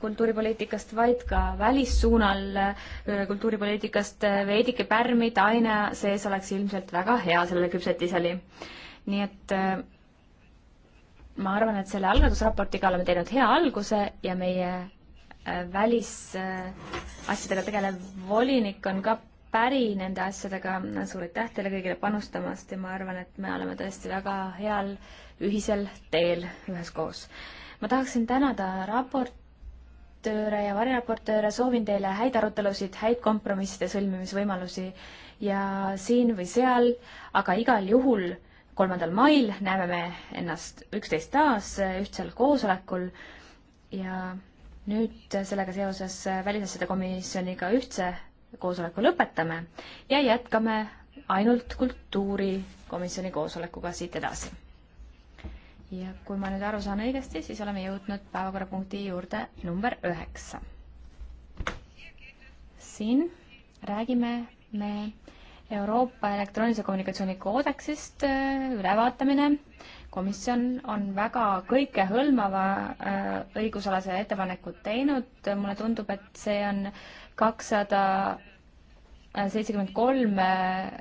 kultuuripoliitikast, vaid ka välissuunal äh, kultuuripoliitikast äh, veidike pärmi, taine sees oleks ilmselt väga hea sellele küpsetisele. nii et äh, ma arvan, et selle algatusraportiga oleme teinud hea alguse ja meie välisasjadega tegelev volinik on ka päri nende asjadega. suur aitäh teile kõigile panustamast ja ma arvan, et me oleme tõesti väga heal ühisel teel üheskoos ma tahaksin tänada raportööre ja variraportööre, soovin teile häid arutelusid, häid kompromisside sõlmimisvõimalusi ja siin või seal, aga igal juhul kolmandal mail näeme me ennast üksteist taas ühtsel koosolekul ja nüüd sellega seoses Välisasjade Komisjoniga ühtse koosoleku lõpetame ja jätkame ainult kultuurikomisjoni koosolekuga siit edasi ja kui ma nüüd aru saan õigesti, siis oleme jõudnud päevakorrapunkti juurde number üheksa. siin räägime me Euroopa elektroonilise kommunikatsiooni koodeksist äh, ülevaatamine. komisjon on väga kõikehõlmava äh, õigusalase ettepaneku teinud, mulle tundub, et see on kakssada seitsekümmend kolm äh,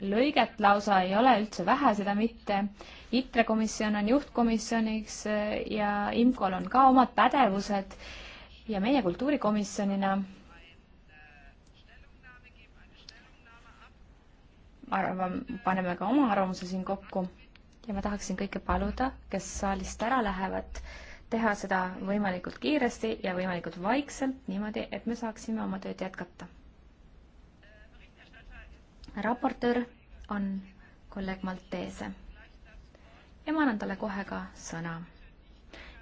lõiget lausa, ei ole üldse vähe seda mitte ITRE komisjon on juhtkomisjoniks eh, ja IMCO-l on ka omad pädevused ja meie kultuurikomisjonina arvan, paneme ka oma arvamuse siin kokku ja ma tahaksin kõike paluda, kes saalist ära lähevad, teha seda võimalikult kiiresti ja võimalikult vaikselt, niimoodi, et me saaksime oma tööd jätkata. raportöör on kolleeg Maltese ja ma annan talle kohe ka sõna.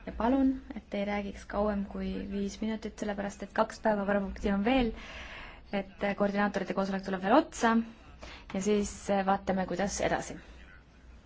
ja palun, et ei räägiks kauem kui viis minutit, sellepärast et kaks päevakorrapunkti on veel, et koordinaatorite koosolek tuleb veel otsa ja siis vaatame, kuidas edasi